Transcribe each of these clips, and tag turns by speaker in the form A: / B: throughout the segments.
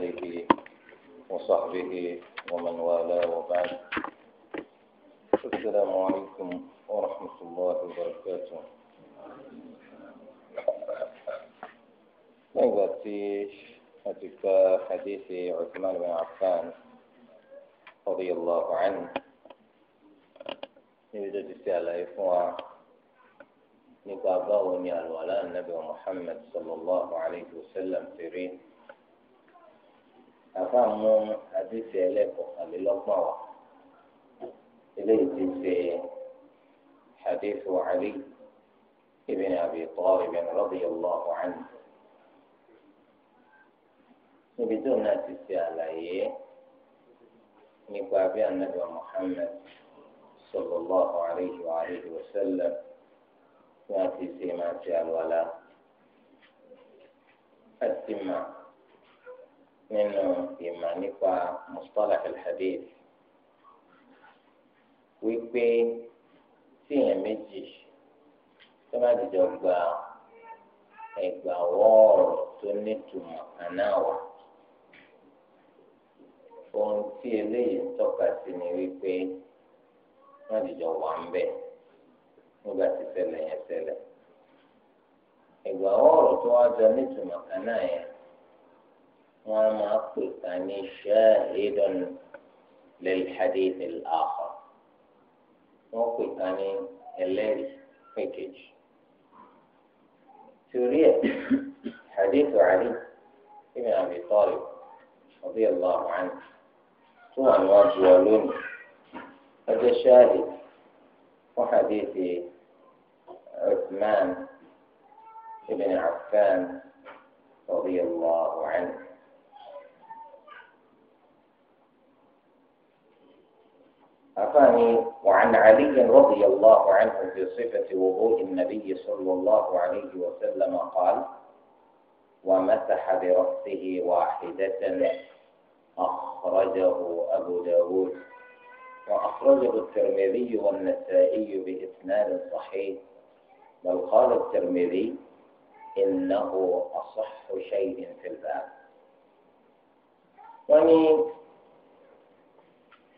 A: آله وصحبه ومن والاه وبعد السلام عليكم ورحمة الله وبركاته نغطي حديث حديث عثمان بن عفان رضي الله عنه يوجد في على إخوان nípa الولاء النبي محمد صلى الله عليه وسلم wa sallam àfa mú àdìsí ẹlẹ́kọ̀ọ́kànlélọ́gbọ̀n wa eléyìí ti ṣe àdìsí Ali ibn Abi Talib radiyallahu anhu níbi tó náà ti ṣe àlàyé nípa bí anabi Muhammad sallallahu alayhi wa alihi wa sẹlẹ ní a ti ṣe máa ṣe àlùwalá àti máa. nínú ìmọ̀ nípa mustalah al-hadith wípé tí èèyàn méjì tó bá dìjọ gba ẹgbà wọ́ọ̀rọ̀ tó nítumọ̀ kanáwà ohun tí eléyìí ń tọ́ka sí ni wípé wọ́n dìjọ wà ń bẹ̀ nígbà tí ṣẹlẹ̀ yẹn ṣẹlẹ̀ ẹgbà wọ́ọ̀rọ̀ tó wá jọ nítumọ̀ kanáà yẹn. وما قلت أني شاهد للحديث الآخر وما قلت أني الذي فكج سورية حديث علي ابن أبي طالب رضي الله عنه ثم أنواج ولون هذا الشاهد وحديث عثمان ابن عفان رضي الله عنه أفاني وعن علي رضي الله عنه في صفة وضوء النبي صلى الله عليه وسلم قال ومسح برأسه واحدة أخرجه أبو داود وأخرجه الترمذي والنسائي بإسناد صحيح بل قال الترمذي إنه أصح شيء في الباب ومن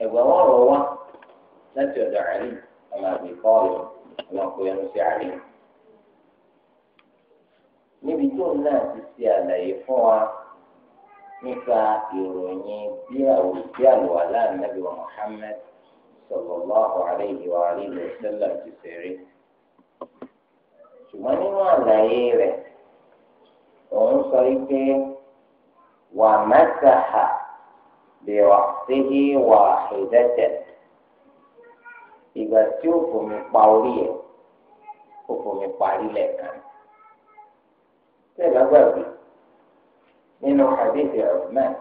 A: إبوار láti ọ̀dọ̀ àlè ọmọ àbí kọ́ọ̀lù ọmọkùnrin ẹnu sí àlè. níbi tó náà ti ṣe àlàyé fún wa nípa ìròyìn bí àlùwàlá nàbí wa Muhammad sallallahu alayhi wa alihi wa ti fèrè. ṣùgbọ́n nínú àlàyé rẹ̀ òun sọ wípé wà mẹ́tàhà bí wàá síhí wàá hìdẹ́tẹ̀ ìgbà tí ó fòmí pa orí ẹ̀ ó fòmí parí lẹ́ẹ̀kan. Sẹ́ẹ̀lá gbàgbé nínú hadith Uthman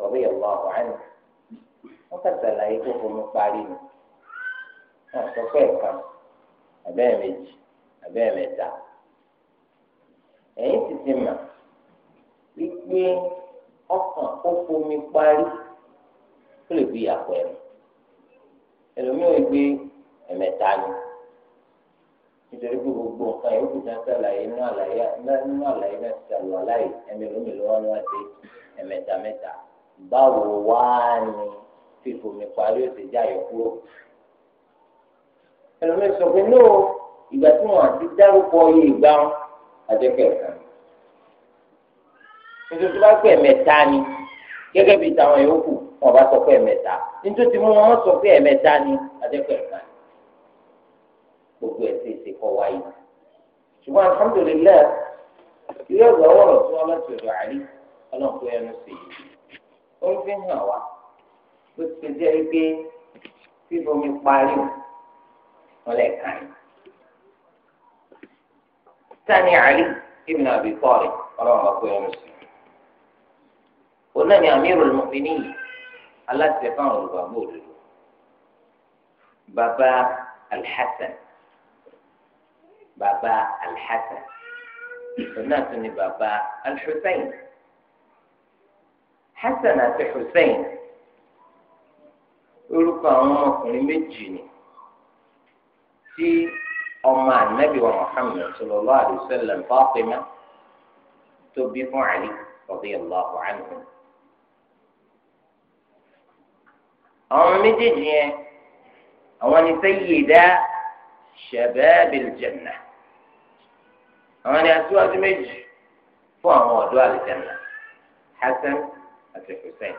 A: radiyallahu anhu wọ́n kà sàlàyé tó fòmí parí ni. Wọ́n sọ pé ẹ̀ka abẹ́ẹ̀ méjì abẹ́ẹ̀ mẹ́ta. Ẹ̀yin ti ti mà wípé ọkàn ó fòmí parí ó lè bí àpẹẹrẹ ẹlòmíràn yìí gbé ẹ̀mẹ̀ta ni nítorí pé gbogbo nǹkan yìí ó kù dáńtà láyé nínú àlàyé nínú àlàyé náà ti sàlù aláyè ẹ̀mẹ̀lómìló wọn ni wọ́n ti ẹ̀mẹ̀ta mẹ́ta báwo wá ni fífòmí parí ó ti já yọ kúrò ẹlòmíràn sọ pé nóò ìgbà tí wọn àti dárúkọ yìí ìgbà wọn àjẹkẹ̀ kan nítorí tó bá pẹ̀ mẹ́ta ni gẹ́gẹ́ bíi tàwọn yòókù wọn bá sọ pé ẹ̀mẹ́ta nítorí tí mo emeta sọ pé ẹ̀mẹ́ta ni adẹ́kọ̀ ẹ̀ka gbogbo ẹ̀ ṣe é ṣe wáyé ṣùgbọ́n alhamdulilayi ilé ọgbà wọ̀rọ̀ tí wọ́n láti ọ̀dọ̀ àrí ọlọ́ọ̀kú ẹnu sí i ó ń fi hàn wá bó ti pé parí wọn sani ẹnu sí i. ó náà ní aláṣẹ fáwọn olùgbàgbọ́ òdodo bàbá alḥasan bàbá alḥasan náà tún ni bàbá alḥusain hasan àti husain orúkọ àwọn ọmọkùnrin méjì ni tí ọmọ anabi wa muhammed sallallahu alayhi wa sallam Fatima tó bí fún ali radiyallahu anhu. àwọn méjèèjì yẹn àwọn ni sayyida shababil janna àwọn ni aṣíwájú méjì fún àwọn ọ̀dọ́ àlùjánnà hasan àti hussein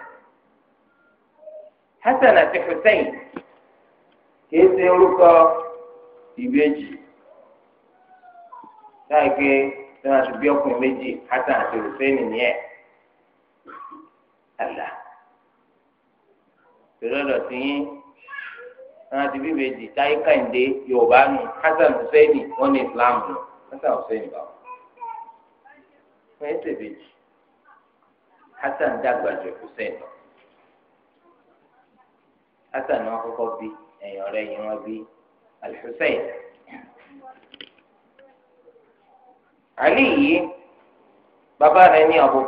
A: hasan àti hussein kìí ṣe orúkọ ìbejì láìpẹ́ tí wọ́n ti méjì hasan àti hussein nìyẹn tòlọ́dọ̀ sí yín náà ti bí bèjì táyé kàǹdé yorùbá nù hasan husseini wọn ní islam nù hasan husseini báwọn wọn yẹn ṣe bèjì hasan dàgbà jù hussein lọ hasan ni wọn kọ́kọ́ bí ẹ̀yìn ọ̀rẹ́ yìí wọn bí alhussein ali yìí bàbá rẹ̀ ní abu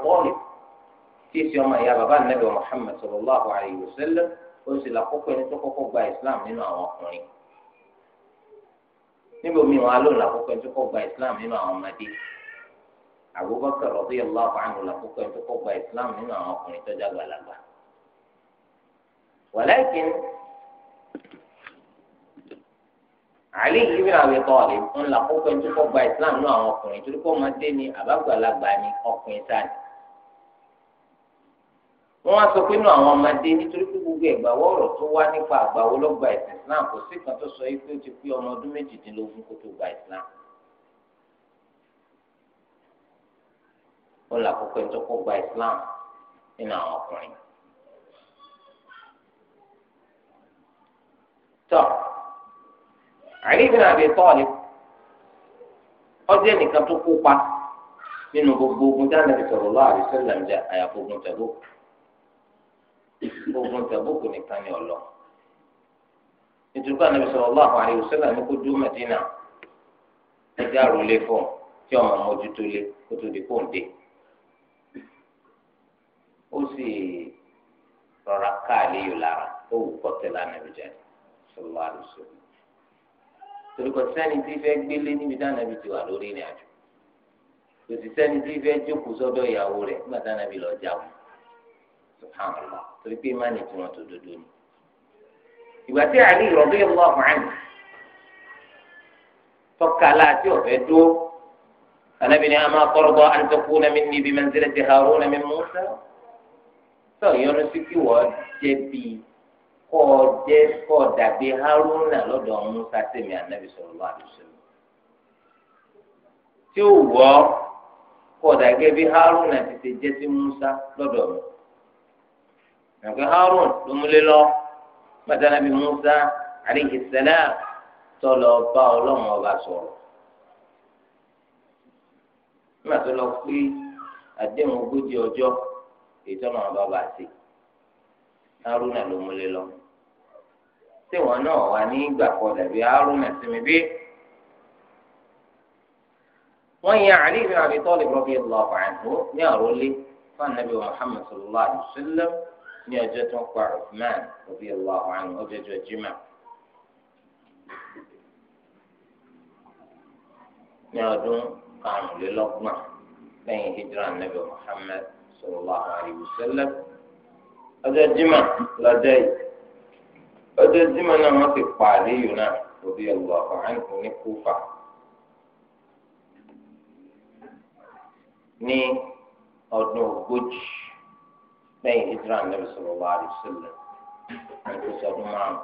A: tí èsì ọmọ ìyá bàbá nàbẹ Muhammad sallallahu alayhi wa sallam ó sì là kókó ẹni tó kọ́kọ́ gba Islam nínú àwọn ọkùnrin níbo mi wọn alóòlù àkókò ẹni tó kọ́kọ́ gba Islam nínú àwọn ọmọdé Abubakar radiyallahu anhu làkókò ẹni tó kọ́kọ́ gba Islam nínú àwọn ọkùnrin tó dàgbà làgbà walakin Ali ibn Abi Talib ńlá kókó ẹni tó kọ́kọ́ gba Islam nínú àwọn ọkùnrin torí kó máa dé ní àbágbàlagbà ni ọkùnrin sáà ni wọ́n wá sọ pé inú àwọn ọmọdé nítorí pé gbogbo ẹ̀gbà wọ́ọ̀rọ̀ tó wá nípa àgbàwọ́ lọ́gbà ẹ̀sìn islam kò sí kan tó sọ yìí pé ó ti pé ọmọ ọdún méjìdínlógún kó tó gba islam. ó là kókó ẹjọ́ kó gba islam nínú àwọn ọkùnrin. tọ́ Ali bin Abi Talib ẹnìkan tó kópa nínú gbogbo ogun tí a nàbì sọ̀rọ̀ àbí sọ́lá jẹ àyàfó ogun ogun tàbókù nìkan ni ọlọ nítorí pé anabi sallallahu alaihi wasallam ní kó dúró mẹdínà ẹjẹ àròlé fún tí ọmọ mójútó lé kó tó di kóńdé ó sì rọra káàlì yìí lára ó wù kọ́tẹ́ lánàá ìjà sallallahu alaihi wasallam torí kò sẹ́ni tí fẹ́ gbélé níbi dáná ibi ti wà lórí ìrìn àjò kò sẹ́ni tí fẹ́ jókòó sọ́dọ̀ ìyàwó rẹ̀ nígbà dáná ibi lọ́ọ́ jáwọ́. سبحان الله. pé má ní tiwọn tó dodo ni
B: ìgbà tí àlè ìrọ̀lẹ́
A: ìlú ọ̀hún tọ́ka láti ọ̀fẹ́ dúró anábìnrin a máa kọ́rọ́gbọ́ àǹtẹ̀kù náà mi níbi mẹ́ńsílẹ̀ ti harun náà mi Musa tó ìyọnu sí kí wọ́n jẹ́ bí kọ́ jẹ́ kọ́ dàbí harun lọ́dọ̀ Musa tèmi ànábì sallallahu alaihi wasallam tí ó wọ́ kọ́ dàgẹ́ bí harun ti ti jẹ́ sí Musa lọ́dọ̀ mi nàgbé Harun ló múlé lọ bàtà nàbí Musa àríyí sẹlẹ tọlọ bá Ọlọ́run ọba sọ̀rọ̀ nígbà tó lọ pé àdéhùn ogójì ọjọ́ ìtọ́nà ọba bá ti Harun náà ló múlé lọ tí wọn náà wà ní ìgbà kan dàbí Harun náà sinmi bí wọn yẹ Ali ibn Abi Talib radiyallahu anhu ní àròlé fún anabi Muhammad sallallahu alaihi wasallam. ní ọjọ́ tó ń pa Uthman òbí ọlọ àwọn àrùn jimá ní ọdún karùnlélọ́gbọ̀n lẹ́yìn hijra nabi Muhammad sallallahu alayhi wa sallam ọjọ́ jimá lọ́jọ́ yìí ọjọ́ jimá náà wọ́n ti náà òbí ní Kúfà ní ọdún ogójì. lẹ́yìn hijra nabi sallallahu alaihi wasallam àtúnṣe ọdún márùn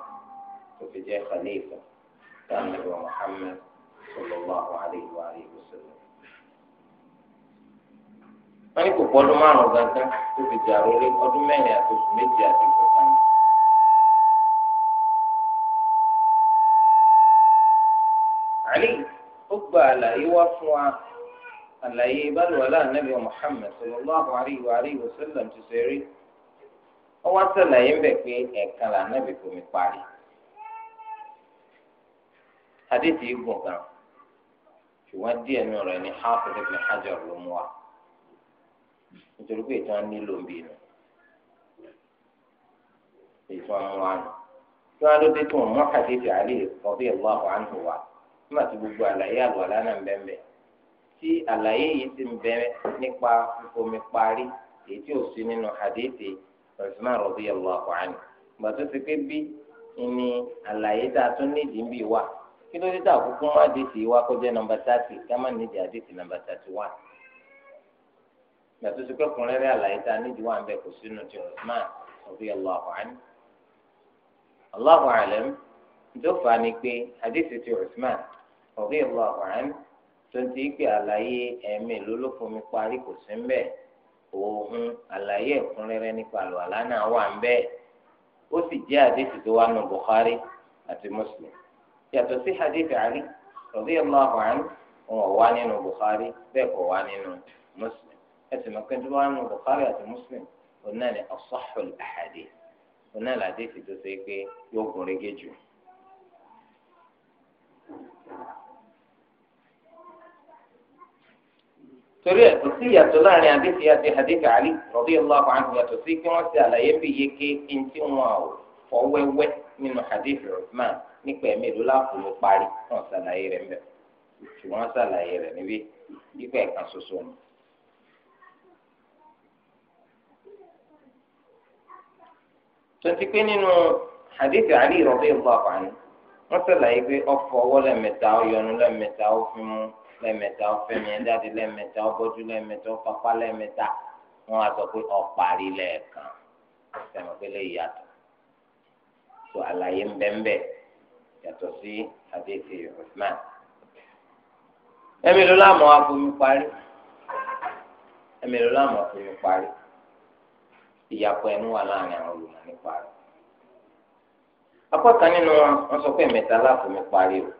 A: tó fi jẹ́ khalifa sáà nabi muhammed sallallahu alaihi wa alihi wasallam. wọ́n ní kò pọ̀ ọdún márùn gangan tó fi jẹ́ àròlé ọdún mẹ́rin àti oṣù méjì àti ìkọ̀kan. àlè ó gba àlàyé wá fún wa. àlàyé ìbálòwàlà ànábì Muhammad sallallahu alayhi wa alayhi wa sallam ti ṣe rí bụ sàlàyé ń bẹ̀ pé ẹ̀ẹ̀kan là ànábì fomi parí hadith yìí gùn gan ṣùgbọ́n díẹ̀ nù rẹ̀ ní ibn Hajar ló mú wa nítorí pé ìtàn nílò ń bínú ìtàn mú wa nù kí wọ́n á ló dé tó mú hadith Ali radiyallahu anhu wa nígbà tí gbogbo àlàyé àlùwàlà náà ń bẹ́ẹ̀ tí àlàyé yìí ti ń bẹ̀rẹ̀ nípa omi parí èyí tí ò sí nínú hadithi Usman radiyallahu anhu ìgbà tó ti pé bí ni àlàyé tá a tún nídìí ń bì wá kí ló dé tá àkókò wọn àdéhìí wá kó jẹ́ nọ́mbà tààtì ká má nídìí àdéhìí nọ́mbà tààtì wá ìgbà tó ti pé kùnrẹ́rẹ́ àlàyé tá a nídìí wá ń bẹ̀ kó sínú ti Usman radiyallahu anhu Allahu a'lam tó tonti ikpe àlàyé ẹ̀mí lólófin mi parí kò sí mbẹ òun àlàyé ẹ̀kúnrẹ́rẹ́ nípa àlùwàlá náà wà mbẹ ó sì jẹ́ àdéhùn tó wà nù Bukhari àti Muslim yàtọ̀ sí hadith Ali radiyallahu anhu òun ọ̀wá nínú Bukhari bẹ́ẹ̀ kọ̀ wá nínú Muslim ẹ̀sìn mọ̀kẹ́ wà nù Bukhari àti Muslim òun náà ní asahhul ahadith òun náà tó ṣe pé yóò gún régé jù. torí ẹ kò sí ìyàtọ̀ láàrin àdéhìí àti àdéhìí àlì radiyallahu anhu yàtọ̀ sí kí wọ́n ti àlàyé bí iye kéèké tí wọn ò fọ wẹ́wẹ́ nínú àdéhìí Uthman nípa ẹ̀mí ìlú láàfọwọ́ parí wọn ṣàlàyé rẹ̀ mẹ́ ṣùgbọ́n wọn ṣàlàyé rẹ̀ níbí nípa ẹ̀ka ṣoṣo ni. tonti pé nínú àdéhìí àlì radiyallahu anhu wọn ṣàlàyé pé ọ̀fọ̀ ọwọ́ lẹ́mẹ̀ta ọ̀yọ́nu lẹ́mẹ̀ta ó lẹ́ẹ̀mẹ́ta ọ̀fẹ́mi ẹ̀ jáde lẹ́ẹ̀mẹ́ta ọ̀bọ́jú lẹ́ẹ̀mẹ́ta ọ̀pápá lẹ́ẹ̀mẹ́ta wọ́n á sọ pé ọ̀parí lẹ́ẹ̀kan sẹ́mi pé lè yàtọ̀ tó àlàyé ń bẹ́ńbẹ́ yàtọ̀ sí àdéhùn Usman. ẹ̀mí ló láàmú àfomi parí ẹ̀mí ló láàmú àfomi parí ìyàpọ̀ ẹnu wà láàrin àwọn olùmọ̀ nípa rẹ̀. apá kan nínú wọn sọ pé ẹ̀mẹ́ta láàfomi parí o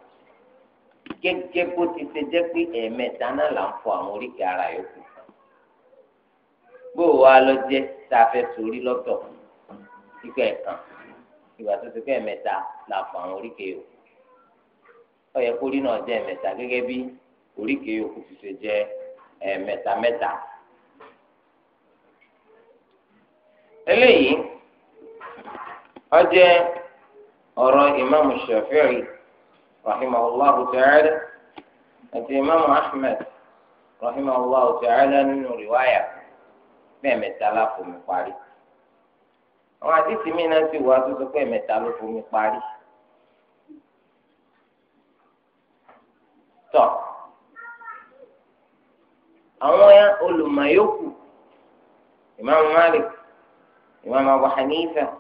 A: gẹ́gẹ́ bó ti ṣe jẹ́ pé ẹ̀ẹ̀mẹ́ta náà là ń fọ àwọn oríkèé ara yòókù gbóò wá lọ jẹ́ tá a fẹ́ sórí lọ́tọ̀ ikú ẹ̀kan ìgbà tó ti pé ẹ̀ẹ̀mẹ́ta là fọ àwọn oríkèé yòókù ó yẹ kórìí náà jẹ́ ẹ̀ẹ̀mẹ́ta gẹ́gẹ́ bí oríkèé yòókù ti ṣe jẹ́ ẹ̀ẹ̀mẹ́ta mẹ́ta eléyìí ó jẹ́ ìmáàmù Ṣafi'i. رحمه الله تعالى الإمام أحمد رحمه الله تعالى من رواية بهم التلاف من قاري وعديت من أنسي واسوس بهم التلاف من قاري طب أولا أولو ما يوكو إمام مالك إمام أبو حنيفة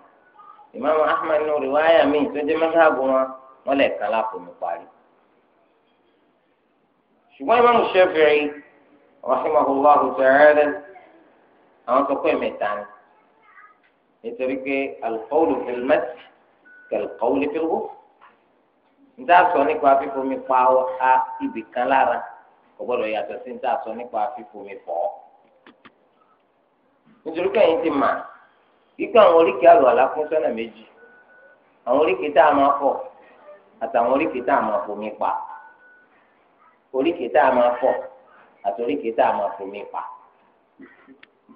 A: إمام أحمد من رواية من تجمعها بمعنى wọ́n lẹ̀ kan láàpò mi parí. ṣùgbọ́n Imam Shafi'i rahimahullahu ta'ala àwọn tó kọ́ ẹ̀mẹ́ta ni nítorí pé al-qawlu fil-mass kal-qawli fil-ghusl níta sọ nípa fífomi pa á ibì kan lára kò gbọ́dọ̀ yàtọ̀ sí níta sọ nípa fífomi fọ̀ ọ́ nítorí kẹ́yìn ti mà kíkọ́ àwọn oríkèé àlọ́ àlá fún méjì àwọn oríkèé tá a máa fọ̀ àtàwọn oríkèé tá a máa fomi pa oríkèé tá a máa fọ àti oríkèé tá a máa fomi pa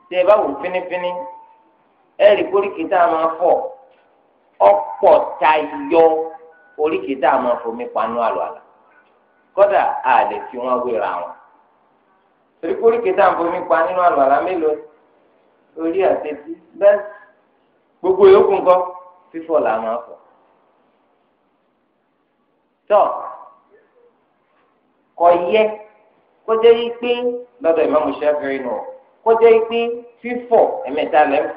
A: tí ẹ bá wò fínífíní ẹ rí oríkèé tá a máa fọ ọ̀pọ̀ tayọ oríkèé tá a máa fomi pa nú àlọ àlà kódà a lè fi wọn wéra wọn torí oríkèé tá a fomi pa nínú àlọ àlà mélòó orí àti etí bẹ́ẹ̀ gbogbo yòókù ńkọ́ fífọ̀ là máa tọ́ kọ yẹ kó jẹ́ yí pé lọ́dọ̀ ìmọ̀ mọ̀ṣẹ́ fẹ́rẹ́ nù kó jẹ́ yí pé fífọ̀ ẹ̀mẹ́ta lẹ́fọ̀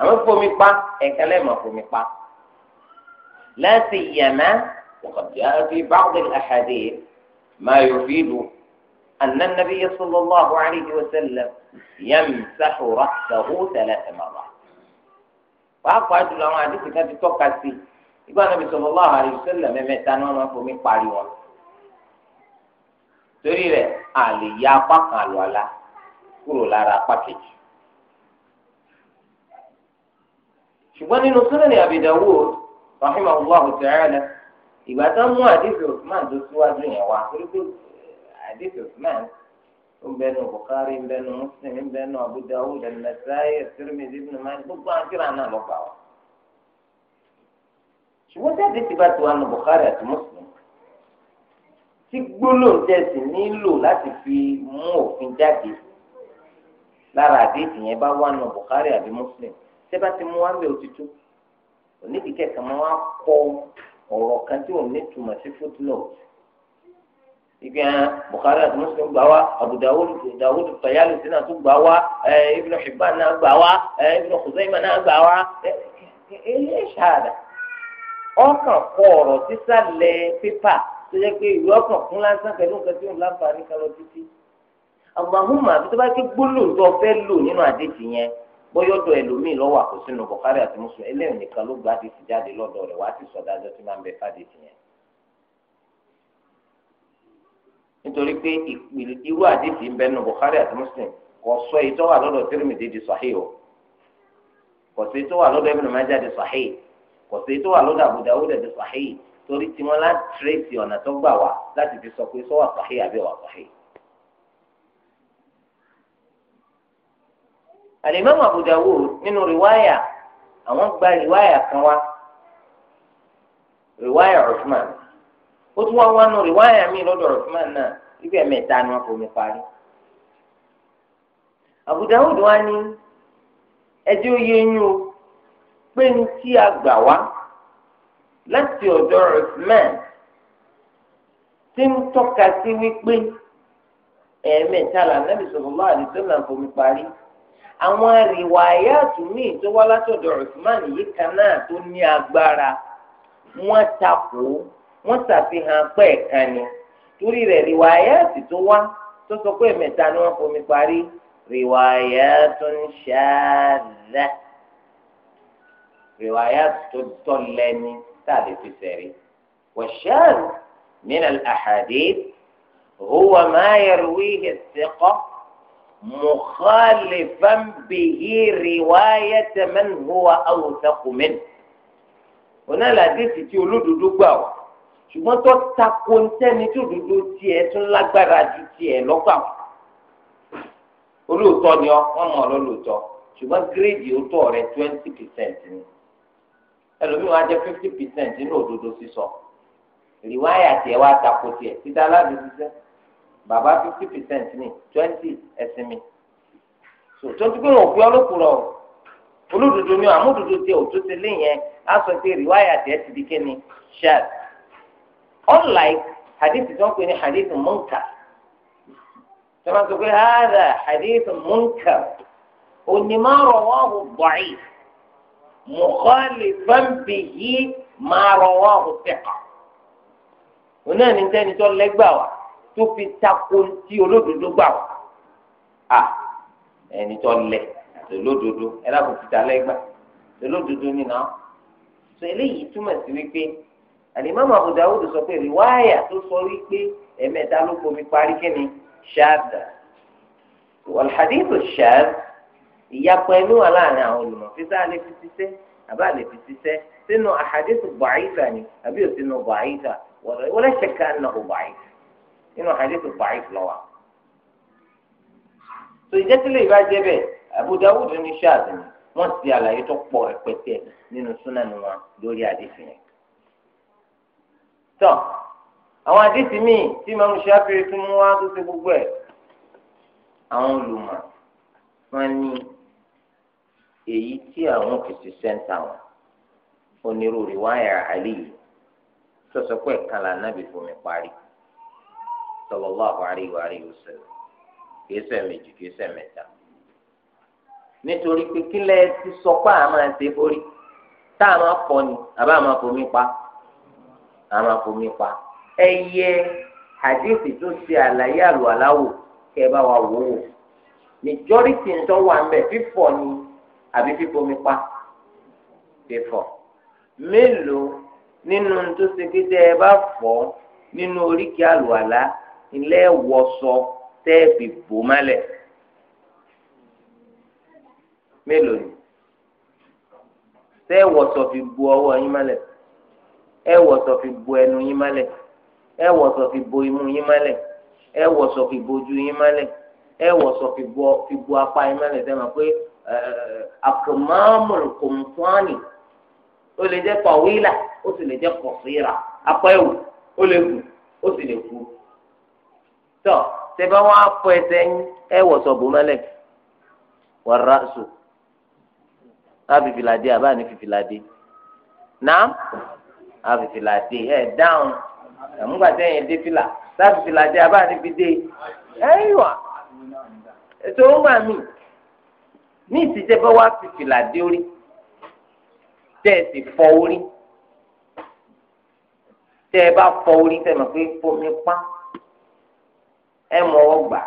A: àmọ́ fomi pa ẹ̀kan lẹ́ẹ̀mọ̀ fomi pa láti yàmá ọ̀kọ̀dá fi báwọ̀dé àhàdé máa yọ fi lù أن النبي صلى الله عليه وسلم يمسح رأسه ثلاث مرات. وأقعد لهم عديد كتاب توكاسي ìgbà nàbì sallallahu alaihi wasallam mẹ́ta ni wọ́n máa parí wọn torí a lè ya apá kan àlùwàlá kúrò lára apá kejì ṣùgbọ́n nínú Sunani Abi Dawud rahimahullahu ta'ala ìgbà tó ń mú àdìsí Usman tó síwájú yẹn wá torí pé àdìsí Usman ó ń bẹnu ṣùgbọ́n jáde ti bá ti wà nù Bukhari àti Muslim tí gbólóhùn tẹ̀sí nílò láti fi mú òfin jáde lára àdéhùn yẹn bá wà nù Bukhari àti Muslim tẹ́ bá ti mú wá lé òtítọ́ onídìíkẹ́ kan máa wá kọ ọ̀rọ̀ kan tí òun ní túmọ̀ sí footnote ibi hàn Bukhari àti Muslim gbà wá Abu Dawud Dawud tún gbà wá Ibn Hibban náà gbà wá Ibn Khuzaimah náà gbà wá ẹ ẹ ẹ ṣáàdà. ọkàn kọ ọ̀rọ̀ sísàlẹ̀ pépà tó yẹ pé ìwé ọkàn fún lásán pẹ̀lú nǹkan tí òun láǹfààní lọ títí. àgbàhùnmá àbí tó bá ké gbólóòtú ọ̀fẹ́ lò nínú àdéjì yẹn bọ́yọ̀dọ̀ ẹlòmíì lọ́wọ́ àkóso àti nìkan ló gba àdéjì jáde wá tí máa ń bẹ fàdéjì yẹn. nítorí pé wà di kò sí tó kọ̀sẹ̀ tó wà lọ́dọ̀ àbúdá ó dẹ̀ ti sàhíì torí tiwọn láti tírèsì ọ̀nà tó gbà wá láti fi sọ pé sọ́wà sàhíì àbí ọ̀wà sàhíì. Al-Imam Abu Dawud nínú rìwáyà àwọn gba rìwáyà kan wá rìwáyà Uthman ó tún wá wá nù rìwáyà míì lọ́dọ̀ Uthman náà ibẹ̀ mẹ́ta ni wọ́n fomi parí. Abu Dawud
B: wá ní ẹjẹ́ ó yé yín o pé ní tí a
A: gbà wá láti ọ̀dọ̀ Usman tí ń tọ́ka sí wípé ẹ̀ẹ̀mẹ́ta là nàbì sallallahu alaihi wasallam fomi parí àwọn àríwáyà àtúnmí tó wá látọ̀dọ̀ Usman yìí kan náà tó ní agbára wọ́n takò wọ́n ṣàfihàn pẹ́ẹ́kan ni torí rẹ̀ àríwáyà àti tó wá tó sọ pé ẹ̀ẹ̀mẹ́ta ni wọ́n fomi parí àríwáyà tó ń ṣáàdá riwayat tó tọ́lẹ́ni tá a lè fi sẹ̀rí. wàṣẹ́ẹ̀d min al-ahadith huwa ma yarwihi thiqa mukhalifan bihi riwayat man huwa awthaqu min. onílàdísì tí olódodo gbà wá ṣùgbọ́n tó tako ntẹ́ni tó dodo tiẹ̀ tún lágbára ju tiẹ̀ lọ́gbà wá olóòótọ́ ni ọ wọ́n mọ̀ ọ́ lọ́lọ́tọ́ ṣùgbọ́n gírèdì òótọ́ rẹ̀ twenty percent ni ẹlòmíì wọn á jẹ fifty percent nínú òdodo sísọ rìwáyà tiẹ̀ wá tako tiẹ̀ títa aládùúgbò sẹ bàbá fifty percent ní twenty ẹsìn mi so tó ti pé wọn ò fi ọlọ́kùnrin ọ olódodo ni àmúdodo tiẹ̀ òtún ti lé yẹn á sọ pé rìwáyà tiẹ̀ ti di kéne shad unlike hadith tó ń pè ní hadith munkar tó máa sọ pé hàdà hadith munkar onímọ̀ ọ̀rọ̀ wọn ò bọ̀ yìí mukhalifan bihi ma rawahu thiqa. òun náà ní sẹ́ni tó lẹ́gbàá wa tó fi tako tí olódodo gbà wá. a ẹni tó lẹ lolódodo ẹ lábò fìtà lẹ́gbà lolódodo nínà. sọ eléyìí túmọ̀ sí wípé Al-Imam Abu Dawud sọ pé rìwáyà tó sọ wípé ẹ̀mẹ́ta ló fomi parí kí ni ṣáàdà ìyapọ̀ ẹnu wà láàrin àwọn olùmọ̀ fífẹ́ alẹ́ fi ṣiṣẹ́ àbá alẹ́ fi ṣiṣẹ́ sínú àhàdìsù bàáyíṣà ni àbí ò sínú bàáyíṣà wọlé ṣẹ̀ka ẹ̀nà kò bàáyíṣà nínú àhàdìsù bàáyíṣà lọ́wọ́. tó ìjẹ́sílẹ̀ ìbájẹ́ bẹ́ẹ̀ Abu Dawud ní ṣáàdì ni wọ́n ti àlàyé tó pọ̀ rẹpẹtẹ nínú súnánù wọn lórí àdìsí yẹn. tọ́ àwọn àdìsí míì tí mọ̀mú ṣáfìrí tún wá tó ṣe gbogbo ẹ̀ àwọn olùmọ̀ wọn ní èyí tí àwọn fi sẹ́ńtà wọn onírúurú wáyà àlè yìí sọ̀sọ̀ ẹ̀ka là nábì fomi parí sallallahu alaihi wa alihi wasallam méjì nítorí pé ti sọ pé àwọn borí tá ni àbá a máa fomi pa a máa fomi pa ẹyẹ àdéhùn tó ṣe àlàyé kẹ bá wa wò ó ń tọ́ ni. àbí fífomi pa fífọ̀ mélòó nínú tó ṣe pé tẹ́ ẹ bá fọ̀ nínú oríkì àlùwàlá ilé wọṣọ tẹ́ ẹ fi bò mọ́lẹ̀ mélòó ni tẹ́ ẹ wọṣọ fi bo ọwọ́ yín mọ́lẹ̀ ẹ wọṣọ fi bo ẹnu yín mọ́lẹ̀ ẹ fi bo imú yín mọ́lẹ̀ ẹ fi bo yín mọ́lẹ̀ ẹ fi bo apá yín mọ́lẹ̀ sẹ́wọ̀n pé àkùmáàmùl kùnfọ́nì ó lè jẹ́ pọ̀wílà ó sì lè jẹ́ pọ̀síra apá o ó lè gùn ó sì lè kú. tọ́ tẹ́bá wọn á fọ ẹsẹ̀ yín ẹ wọ̀ sọ̀bù mẹ́lẹ̀ wàrà sù á fi fìlàdé àbá ní fi fìlàdé náà á fi fìlàdé ẹ̀ dáhùn àmúgbà tẹ́yìn dé fìlà sáà fi fìlàdé àbá ní fi dé ẹ̀yìn ètò ó mà ní ìsìtẹ́ bá wá fi fìlà dé orí tẹ́ ẹ sì fọ orí tẹ́ ẹ bá fọ orí tẹ́ ẹ mọ̀ pé fomi pa ẹ mọ ọwọ́ gbà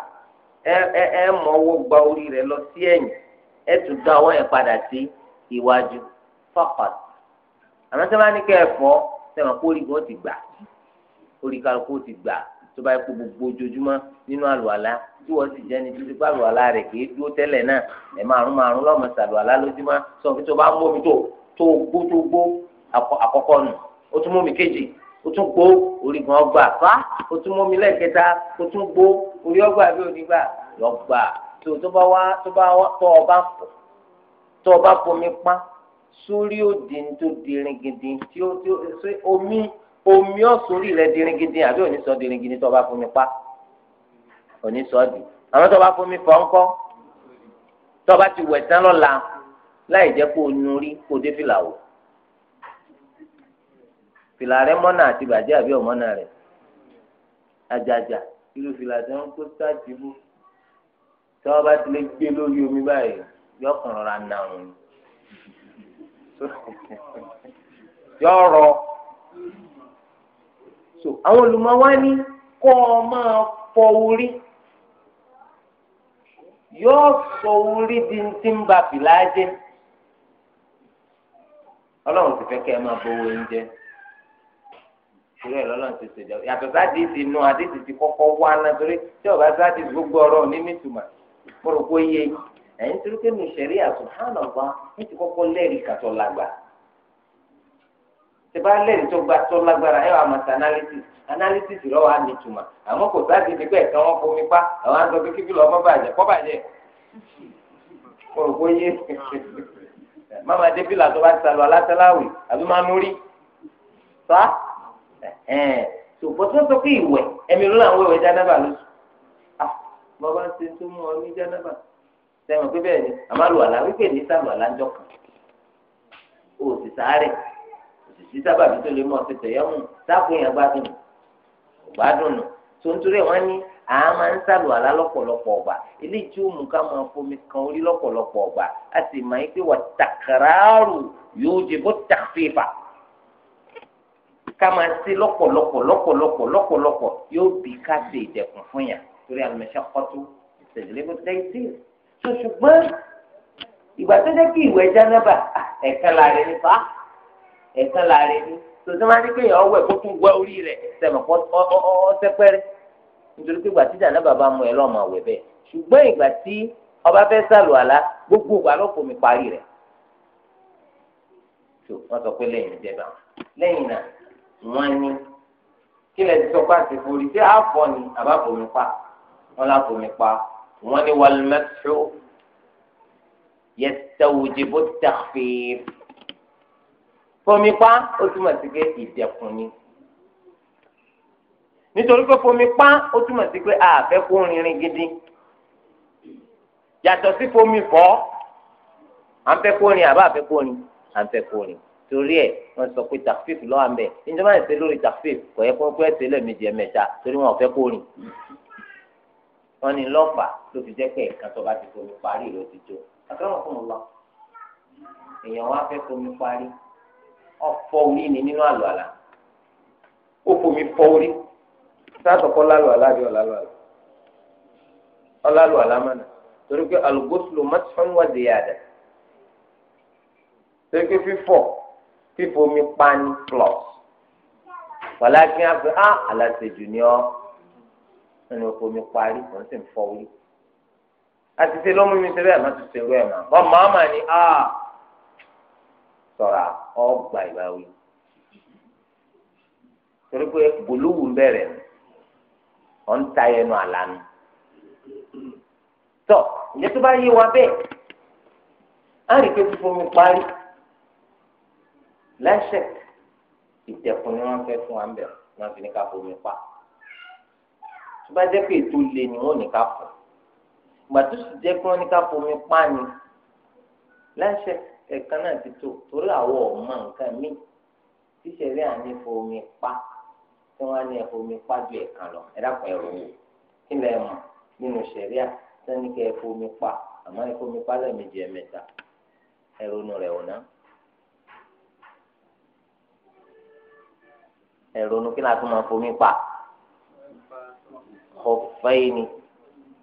A: ẹ ẹ ẹ mọ ọwọ́ gba orí rẹ lọ sí ẹ̀yìn ẹ tún dá ọwọ́ yẹn padà sí iwájú fọkàn àmọ́ sẹ́wọ́n ní kẹ́ ẹ fọ́ sẹ́wọ́n kó orí kan ti gbà orí kálukú ti gbà tó bá kó gbogbo ojoojúmọ́ nínú àlùwàlá tí wọ́n sì jẹ́ni tó ti pa àlùwàlá rẹ̀ kì í dúró tẹ́lẹ̀ náà ẹ̀ márùn márùn lọ́mọ sàlùwàlá lójúmọ́ sọ pé tó bá ń mómi tó tó gbó tó gbó àkọ́kọ́ nù ó tún mómi kejì ó tún gbó orígun ọgbà fa ó tún mómi lẹ́ẹ̀kẹta ó tún gbó orí ọgbà bí onígbà lọ́gbà tó tó bá wá tó bá wá tó ọba tó ọba fomi pa sórí òdì tó di ringindin tí ó omi omi ọ̀sọ́rì rẹ diringidi àbí òní sọ diringidi tó bá fún mi pa òní sọ di àwọn tó bá fún mi fọ ńkọ́ tó bá ti wẹ̀ tán lọ́la láì jẹ́ kó o nu rí kó o dé fìlà wò fìlà rẹ mọ́nà àti bàjẹ́ àbí ọ̀mọ́nà rẹ àjàjà
B: irú fìlà tí wọ́n kó sáàtì bú tí wọ́n bá ti lè gbé lórí
A: omi báyìí yọkùnrin ra nàrún yọ̀ọ̀rọ̀ so àwọn
B: olùmọ̀ wa ní kọ́ ọ máa fọ orí yóò sọ
A: orí di ti ń ba fìlà jẹ ọlọ́run ti fẹ́ kẹ́ ẹ máa bọ̀wọ̀ oúnjẹ ìrẹ́ lọ́lọ́run ti ṣèjọ yàtọ̀ sáàdì ti nu àdìsí ti kọ́kọ́ wá náà torí tí ọba sáàdì gbogbo ọ̀rọ̀ ní mìtùmá mo rò pé yé ẹ̀yin torí pé mi ṣẹ̀rí àtúnhánà wa ní ti kọ́kọ́ lẹ́rìí kàtọ́ làgbà tẹ́bá lẹ́yìn tó gba tó lágbára ẹ̀ wà màtí analysis analysis rẹ̀ wà ní ìtumọ̀ àmọ́ kò sáàtì ti bẹ́ẹ̀ kán wọ́n fomi pa àwọn àgbà pé kíkí lọ́ọ́ mọ́ bàjẹ́ kọ́ bàjẹ́ kò rò bóyé mama débìlà tó bá ti sàlọ̀ alátẹ́láwì àbí máa núrí sá ẹ̀ẹ́n tòbọ́ tó ń sọ pé ìwẹ̀ ẹ̀mí ló làwọn ìwẹ̀ jánábà ló sùn ah bàbá ṣe tó mú ọ ní jánábà sẹ́wọ̀n pé bẹ́ẹ̀ ni àmàlù àlá wípé ní sàlọ̀ àlájọ kan ó sì sí sábàbí tó lè mọ ọsẹ tẹyẹmù sáàpù yẹn gbádùn gbádùn nù tó ń torí wọn ní a máa ń sàlù àlá lọ́pọ̀lọpọ̀ ọgbà eléyìí tí ó mú ká máa fomi kan orí lọ́pọ̀lọpọ̀ ọgbà a sì máa ń pè wà tàkàràrù yóò jẹ bó tàfífà ká máa ṣe lọ́pọ̀lọpọ̀ lọ́pọ̀lọpọ̀ lọ́pọ̀lọpọ̀ yóò bí ká ṣe ìdẹ̀kùn fún yàn torí àlùmọ̀ṣẹ́ kọ́tù ìṣèlérí bó tẹ́ sí i tó ṣùgbọ́n ìgbà tó jẹ́ kí ìwẹ̀ jánábà ah, ẹ̀kan láàrin nípa ẹ̀ẹ̀kan láàrin ní tòtí máa ní kéèyàn ọwọ́ ẹ̀ kó tún wẹ orí rẹ̀ sẹ̀mọ̀ kọ́ ọ́sẹ́ pẹ́rẹ́ nítorí pé ìgbà tí jàǹdà bàbá mu ẹ̀ lọ́mọ àwẹ̀ bẹ́ẹ̀ ṣùgbọ́n ìgbà tí ọba fẹ́ sàlù àlá gbogbo ìgbà ló fòmí parí rẹ̀ tó wọ́n sọ pé lẹ́yìn ìjẹba lẹ́yìn náà wọ́n ní kí lẹ́ẹ̀dì sọ pé àti forí tí a fọ́ ni àbá fòmí pa wọ́n lá fòmí pa wọ́n ní wàlúmẹ́tò yẹ fomi pa ó túmọ̀ sí pé ìdẹ̀kùn ni nítorí pé fomi pa ó túmọ̀ sí pé àfẹ́ kó rinrin gidi yàtọ̀ sí fomi fọ́ à ń fẹ́ kó rin àbá àfẹ́ kó rin à ń fẹ́ kó rin torí ẹ wọn sọ pé takfif lọ́wọ́ àmbẹ̀ ìjọba ẹ̀sẹ̀ lórí takfif kò yẹ kó ẹ̀sẹ̀ lẹ́ẹ̀mejì ẹ̀mẹ́ta torí wọn ò fẹ́ kó rìn wọn ni lọ́fà ló fi jẹ́ pé ẹ̀ka ti fomi parí ló ti jó àtọ́wọ́n fún un lọ èèyàn wá fẹ́ fomi parí ọfọ orí ni nínú àlọ àlà ó fomi fọ orí sátọkọ lálọ àlà àbí ọlálọ àlà ọlálọ àlà mọnà torí pé alùgbòsùlù mọtìfọn wà dé yàdà torí pé fífọ fífomi pani plus wàlákin á fi á àlàsèjù ni ọ ẹni òfomi parí wọn sì ń fọ orí àti ṣe ló mú mi ṣe bẹ́ẹ̀ má ti ṣe rú ẹ mà wọn màmá ni á. Ah, sọ̀ra ọgbà ìbáwí torí pé bòlúwù ń bẹ̀rẹ̀ ọ̀ ń ta ẹnu àlànà tọ́ ìyẹ́ tó bá yé wa bẹ́ẹ̀ á rí pé fífún mi parí lẹ́sẹ̀ ìdẹ̀kùn ni wọ́n fẹ́ fún wa ń bẹ̀rẹ̀ wọ́n fi ní ká fomi pa tó bá jẹ́ pé ètò le ni wọ́n ní ká fọ̀ ìgbà tó sì jẹ́ pé wọ́n ní ká fomi pa ni lẹ́sẹ̀ ẹ̀ka náà ti tó torí àwọ̀ ọ̀ma nǹkan mí tíṣẹ̀rí àní fomi pa tí wọ́n á ní ẹ̀fomi pa ju ẹ̀ka lọ ẹ̀dàpọ̀ ẹ̀rọ wò kí lẹ́ mọ̀ nínú ṣẹ̀ríà sẹ́ni kẹ́ ẹ̀fomi pa àmọ́ ẹ̀fomi pa lẹ́ẹ̀mejì ẹ̀mẹ́ta ẹ̀rọnu rẹ̀ ọ̀nà ẹ̀rọnu kí láti máa fomi pa kọfẹ́ni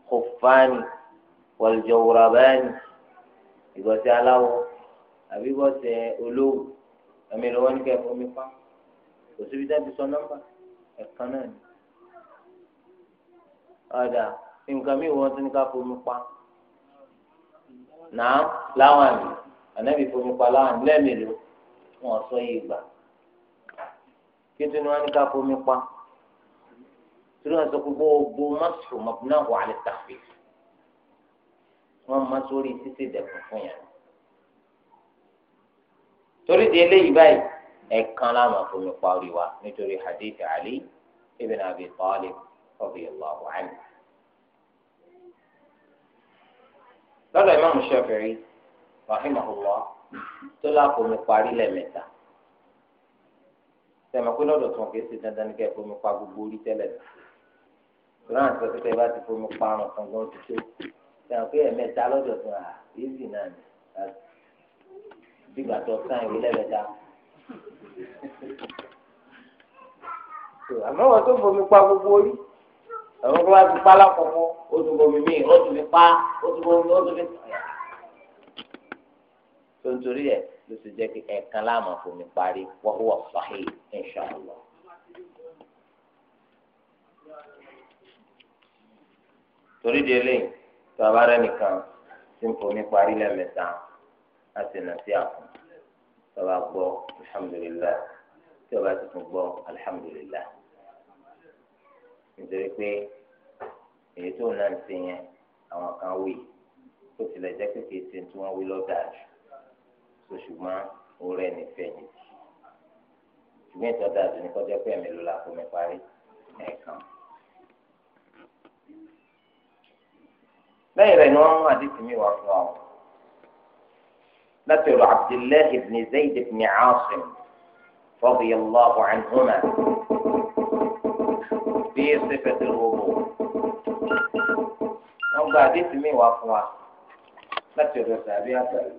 A: kọfáni wàlùjọ wùràbẹ́ni ìgbọ̀nsẹ̀ aláwọ̀ àbí bọ́sẹ̀ olówó ẹ̀mí lọ́wọ́ ní kẹ́kọ̀ọ́ mi pa kò síbi dábì sọ nọ́mbà ẹ̀kan náà ni. ọ̀dà nǹkan mi wọ́n tún ní ká fomi pa náà láwọn àmì ànábì fomi pa láwọn àmì lẹ́ẹ̀mẹ́lò wọn sọ yìí gbà kí tún wọ́n ní ká fomi pa torí wọn sọ pé gbogbo mọ́sùlùmọ́ náà wà á lè tàfé wọ́n mọ́ sórí títí dẹ̀kun fún yàrá. torí di eléyìí báyìí ẹ̀ẹ̀kan láwọn afọmi parí wa nítorí hadith Ali ibn Abi Talib radiyallahu anhu. lọ́dọ̀ Imam Shafi'i rahimahullah tó pé lọ́dọ̀ dandan ní pa gbogbo orí tẹ́lẹ̀ náà àti bá ti pa kan gan tó pé lọ́dọ̀ náà ni ìgbà tó sàn ìwé lẹ́lẹ́ta. àmọ́ wọn
B: tó fomi pa gbogbo orí
A: àwọn kó bá ti pa lákòókò ó tún fomi míì ó tún fi pa ó tún fomi ó tún fi tàn. tó ń torí ẹ̀ ló ti jẹ́ kí ẹ̀ẹ̀kan láàmú fomi parí wọ́n wọ̀ sọ́hìn insha Allah. torí di eléyìí tó a bá rẹ nìkan tí ń fomi parí lẹ́ẹ̀mẹ́ta àti nàṣíà fún tọba gbọ́ alhamdulilah tí o bá ti tún gbọ́ alhamdulilah nítorí pé èyí tó náà ń ṣe yẹn àwọn kan wí tó tilẹ̀ jẹ́ pé kìí ṣe tí wọ́n wí lọ́dà jù ṣùgbọ́n orí ẹni fẹ̀yìn ṣùgbọ́n ìtọ́jà jù ní kọjá pé ẹ̀mí ló la kó mi parí ẹ̀ẹ̀kan. lẹ́yìn rẹ̀ ni wọ́n mú àdìsí mi wá fún wa o láti ọ̀rọ̀ abdullahi ibn zayd ibn aasim radiyallahu anhuma bí sifatul wudu wọn gba àdéhùn mi wá fún wa láti ọ̀rọ̀ sàbí àgbàlú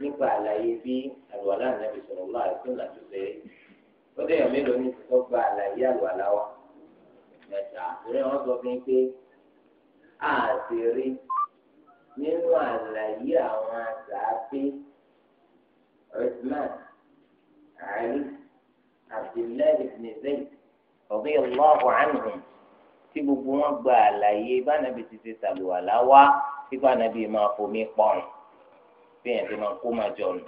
A: nípa àlàyé bí àlùwàlá ànábì sallallahu alaihi wasallam tó ṣe ó dé èèyàn mélòó ní tó gba àlàyé àlùwàlá wa mẹ́ta ìrẹ́ wọn sọ fún mi pé àti rí nínú àlàyé àwọn àgbàgbé Uthman Ali Abdullahi ibn Zayd radiyallahu anhum tí gbogbo wọn gba àlàyé bánabi ti ṣe ṣàlùwàlá wá tí bánabi máa fomi pọ́n bí ẹ̀ ti máa kó máa jọ nù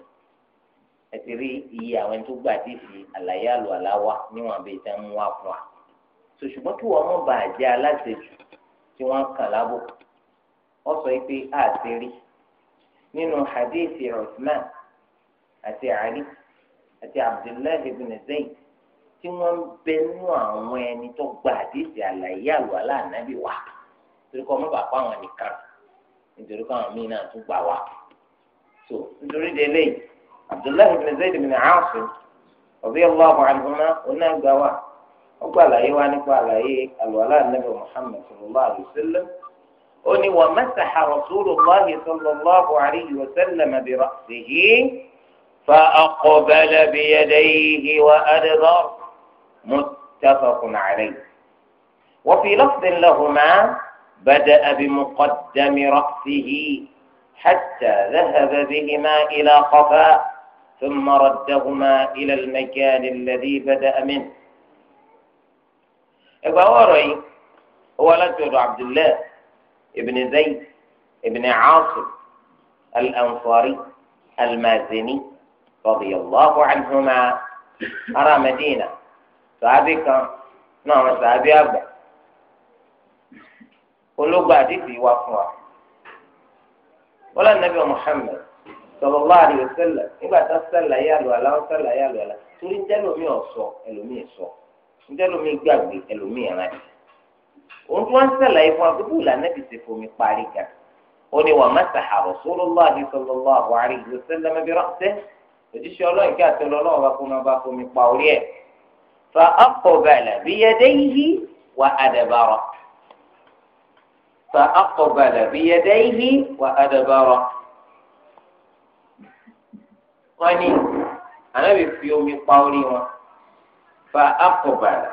A: ẹ ti rí iye àwọn ẹni tó gbà tí fi àlàyé àlùwàlá wá níwọ̀n abẹ́ ìtàn mú wá fún wa ṣùgbọ́n kí wọ́n mọ̀ bàjẹ́ aláṣejù tí wọ́n kàn lábùkù wọ́n sọ pé àtẹ̀rí nínú hadithi Uthman àti Ali àti Abdullahi ibn Zayd tí wọ́n ń bẹnu àwọn ẹni tó gba àdéhìí àlàyé àlùwàlá ànábì wá torí kọ́ mọ́bà pa àwọn nìkan nítorí kọ́ àwọn míín náà tún gbà wá. so nítorí délé Abdullahi ibn Zayd ibn Asim radiyallahu anhuma onágbà wá ó gbà àlàyé wá nípa àlàyé àlùwàlá ànábì Muhammad sallallahu alaihi wasallam. أني ومسح رسول الله صلى الله عليه وسلم برأسه فأقبل بيديه وأدبر متفق عليه وفي لفظ لهما بدأ بمقدم رأسه حتى ذهب بهما إلى قفاء ثم ردهما إلى المكان الذي بدأ منه إبا وري هو لجد عبد الله ابن زيد ابن عاصم الأنصاري المازني رضي الله عنهما أرى مدينة سابقا نعم أبدا قل بعد في وقوع ولا النبي محمد صلى الله عليه وسلم إذا تصلى يا ولا تصلى يا ولا تريد تلومي أصو ألومي أصو تلومي قبل ألومي أنا wọn tún wọ́n ń sàlàyé fún agbébù lànàbì ṣe fomi parí ga ó ní wàá masaha rasulullahi sallallahu alaihi wasallam bi ra'sihi òjíṣẹ́ ọlọ́run kí àti ọlọ́run bá fún ọba fomi pa orí ẹ̀ fa ọkọ̀ aqbala
B: bi yìí
A: wa adbara fa ọkọ̀ aqbala bi yìí wa adbara wọ́n ní ànábì fi omi pa orí wọn fa ọkọ̀ aqbala.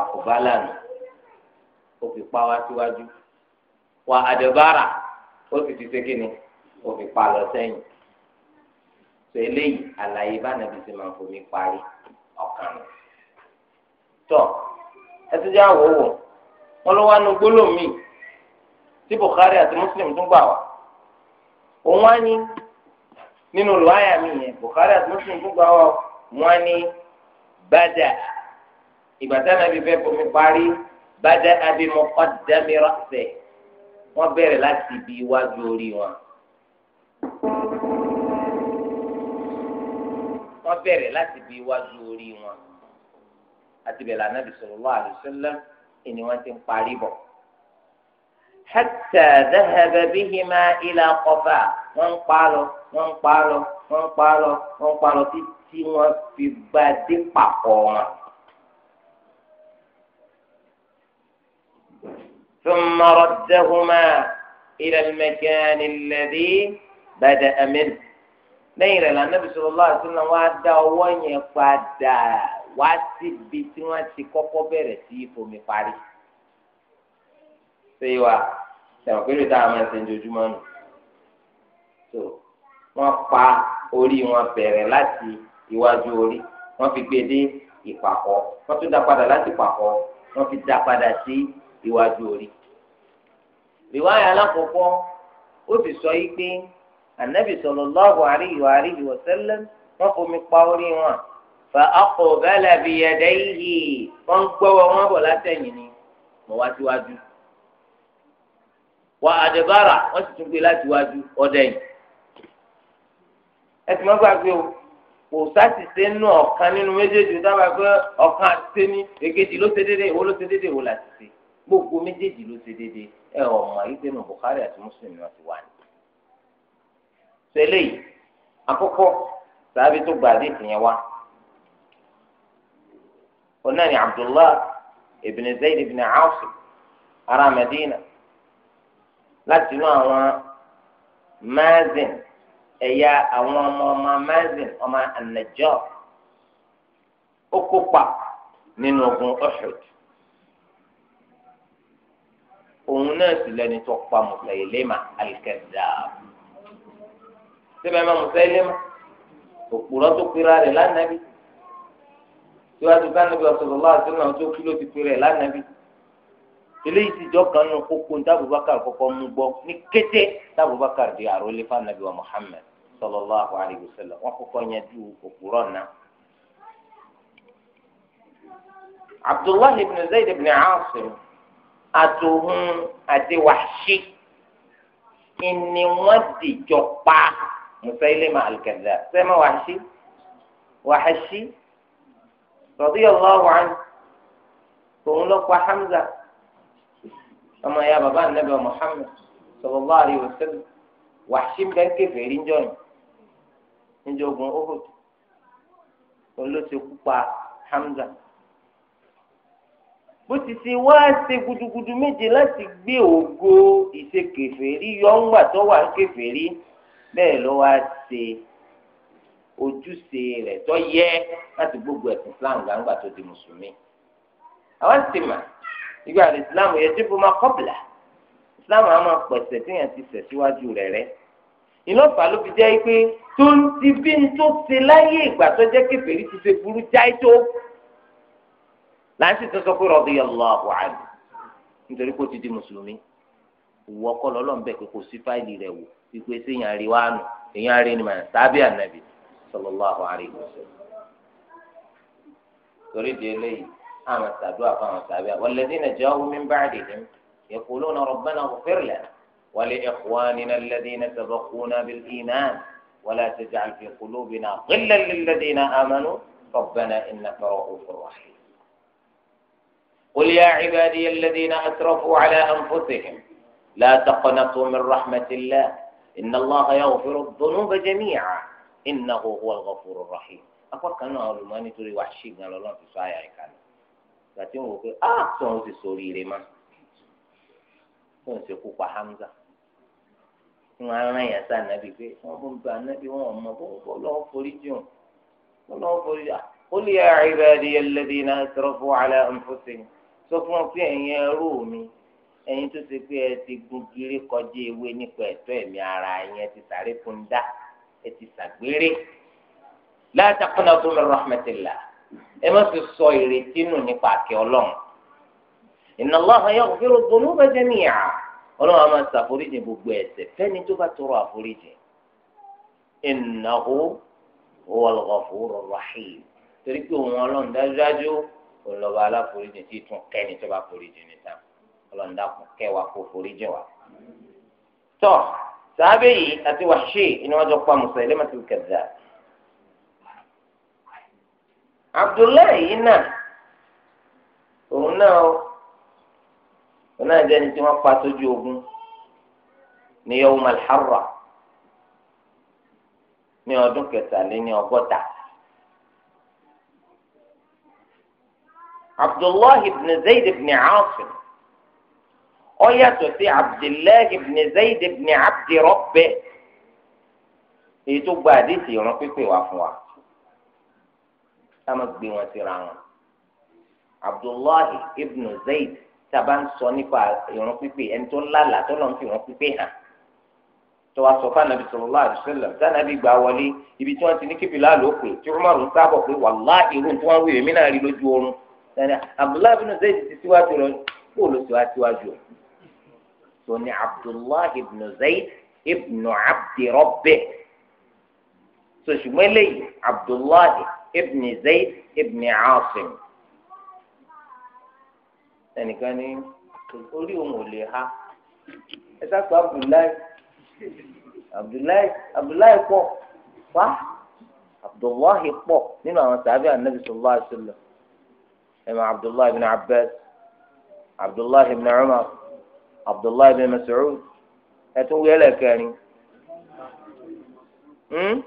A: àkùbálà nù ó fi pa wá síwájú wà àdàbàrà ó sì ti ṣe kíni ó fi pa lọ sẹ́yìn tó eléyìí àlàyé bá nàbí ti máa fomi parí ọ̀kan rẹ̀ tó ẹ ti wọn ló wá nu gbólómì tí Bukhari àti Muslim tún gbà wá òun wá ní nínú lùwáyà mi yẹn Bukhari àti Muslim tún gbà wá wọn ní bàdà ìgbà tí anabi fẹ́ fomi parí bàdé abimọ ọdẹmírọ fẹ wọn bẹ̀rẹ̀ láti ibi iwájú orí wọn. wọn bẹ̀rẹ̀ láti ibi iwájú orí wọn àti bẹ̀rẹ̀ anabi sallallahu alaihi wasallam ni wọn ti ń parí bọ̀.
B: hatta dhahaba
A: bihima ila qafa wọn ń pa lọ wọn ń pa lọ wọn ń pa lọ wọn ń pa lọ títí wọn fi gbadé papọ̀ wọn. ثم ردهما إلى المكان الذي بدأ منه lẹ́yìn rẹ̀ lànàbì sallallahu alaihi wasallam wá dá ọwọ́ yẹn padà wá síbi tí wọ́n ti kọ́kọ́ bẹ̀rẹ̀ sí ìfomi parí. ṣé wa ṣàwọn pẹ̀lú táwọn máa ń ṣe ojoojúmọ́ nù. tó wọ́n pa orí wọn bẹ̀rẹ̀ láti iwájú orí wọ́n fi gbé dé ìpàkọ́ wọ́n tún dá padà láti ìpàkọ́ wọ́n fi dá padà sí iwájú orí rìwáyà alákọ̀ọ́kọ́ ó sì sọ yìí pé ànábì sallallahu alayhi wa alihi wa sallam wọ́n fomi pa orí wọn fa aqbala bi yadayhi wọ́n gbọ́wọ́ wọn bọ̀ látẹ̀yìn ni mọ̀ wá síwájú wa adbara wọ́n sì tún gbé láti wájú ọ̀dẹ̀yìn ẹ ti mọ́ gbàgbé o kò sáti ṣe nù ọ̀kan nínú méjèèjì dábàá pé ọ̀kan àti ṣe ní èkejì ló ṣe déédéé ìwọ ló ṣe déédéé ìwọ làti ṣe gbogbo méjèèjì ló ṣe déédéé ẹ ọ̀ mọ̀ yìí sẹ́nu Bukhari àti Muslim ni wọ́n ti wà ní. sẹ́lẹ̀ yìí àkọ́kọ́ sàábì tó gba àdéhùn yẹn wá ọ̀nà Abdullah ibn Zayd ibn Asim ará Medina láti inú àwọn Mazin ẹ̀yà àwọn ọmọ ọmọ Mazin ọmọ An-Najjar ó kópa nínú ogun Uhud. òun náà sì lẹni tó pa Musailima al-Kazzab síbẹ̀ máa Musailima òpùrọ̀ tó pera rẹ̀ lánàbí síwájú kánàbí sallallahu alaihi tó kí ti pera lánàbí eléyìí ti jọ kan nù kókó wa Muhammad sallallahu alaihi wọn yẹn ju náà. atohun àti wàṣí ìní wọn dìjọ pa ma al-Kadhdhab sẹ́mi wàṣí wàṣí radiyallahu anhu òun ló pa Hamza ọmọ ya baba anabi Muhammad sallallahu alayhi wa sallam wàṣí bẹ́ẹ̀ kẹfẹ́ rí njọ́ ni níjọ́ olóṣèkú pa Hamza. bó ti ṣe wá ṣe gudugudu méje láti gbé ògo ìṣe kèfèrí yọ̀ǹgbà tó wà ń kèfèrí bẹ́ẹ̀ ló wá ṣe ojúṣe rẹ̀ tó yẹ láti gbogbo ẹ̀sìn Islam gbàǹgbà tó di mùsùlùmí. àwa ti mà ìgbà àti Islam yẹ tí bùnmá kọ́bìlà Islam á máa pẹ̀sẹ̀ tí yẹn ti sẹ̀ síwájú rẹ̀ rẹ̀. ìlọ́fà ló fi jẹ́
B: pé tó ń ti bí ń tó ṣe láyé
A: ìgbà tó jẹ́ kèfèrí ti ṣe burú jáì tó láti tó sọ pé radiyallahu anhu nítorí kó ti di mùsùlùmí wọ́n kọ́ lọ́lọ́run bẹ́ẹ̀ pé kò sí fáìlì rẹ̀ wò wípé séèyàn rí wa nù èèyàn rí ni màá sábẹ́ ànábì sọlọ lọ àrè alaihi wasallam. torí di eléyìí àwọn sàdúrà àwọn sábẹ́ walladhina ja'u min ba'dihim yaquluna rabbana ighfir lana wa li ikhwanina alladhina sabaquna bil iman wa la taj'al fi qulubina ghillan lilladhina amanu rabbana innaka ra'ufur قل يا عبادي الذين أسرفوا على أنفسهم لا تقنطوا من رحمة الله إن الله يغفر الذنوب جميعا إنه هو الغفور الرحيم أقول كان علماني تري وحشي قال الله في سايا كان لكن هو كي آه سون في لما سون سيكو حمزة wọn aràn yẹn sá nàbí pé wọn bó ń ba nàbí wọn mọ bó lọ́wọ́ forí lọ́wọ́ forí قل يا عبادي الذين أسرفوا على أنفسهم sọ fún wọn pé ẹ̀yin ẹrú mi ẹ̀yin tó ṣe pé ẹ ti gun kiri kọjá ewé nípa ẹ̀tọ́ ẹ̀mí ara yẹn ti sáré fún dá ẹ ti ṣàgbére la taqnatu min rahmatillah ẹ má ti sọ ìrètí nù nípa àkẹ́ ọlọ́run inna Allaha yaghfiru dhunuba jami'a ọlọ́run a máa ṣàforíjì gbogbo ẹ̀ṣẹ̀ fẹ́ni tó bá tọrọ àforíjì innahu huwal ghafurur rahim torí pé òun ọlọ́run dájúdájú olùlọ́ba aláforíjì tí tún kẹ́ni tó bá foríjì nìta ọlọ́run dákun kẹwàá kó foríjì wa. tọ́ sàábẹ̀ yìí àti wàṣẹ ni wọ́n jọ pa musa ilé màtí kẹ̀dá. abdullahi yìí náà òun náà òun náà jẹ́ ẹni tí wọ́n pa sójú ogun ní yawm al ní ọdún kẹtàléní ọgọ́ta. abdullahi ibn zayd ibn aasim ó yàtọ̀ sí abdullahi ibn zayd ibn abdi rabbi èyí tó gba àdéhìí ìran pípé wá fún wa ká má gbé wọn síra wọn abdullahi ibn zayd tába ń sọ nípa ìran pípé ẹni tó lálàá tó lọ́n fi ìran pípé hàn tó wá sọ fáànàbí sallallahu alaihi wasallam sànàbí gbà wọlé ibi tí wọ́n ti ní kébìlá ló pè tí wọ́n máa ń sábọ̀ pé wàláhì irú tí wọ́n wí èmi náà rí lójú oorun yẹn abdullahi bin zayd ti síwájú rẹ kó ló ti wá síwájú rẹ tó ní abdullahi bin zayd ibn abdi rabbi tó ṣùgbọ́n eléyìí abdullahi ibn zayd ibn asim ẹnìkan ní orí òun ò lè ha ẹ sáà pé abdullahi abdullahi abdullahi pọ̀ wá abdullahi pọ̀ nínú àwọn sàbẹ̀ anabi sallallahu alaihi wasallam. إما عبد الله بن عباس عبد الله بن عمر عبد الله بن مسعود هتقول يلا كاني م?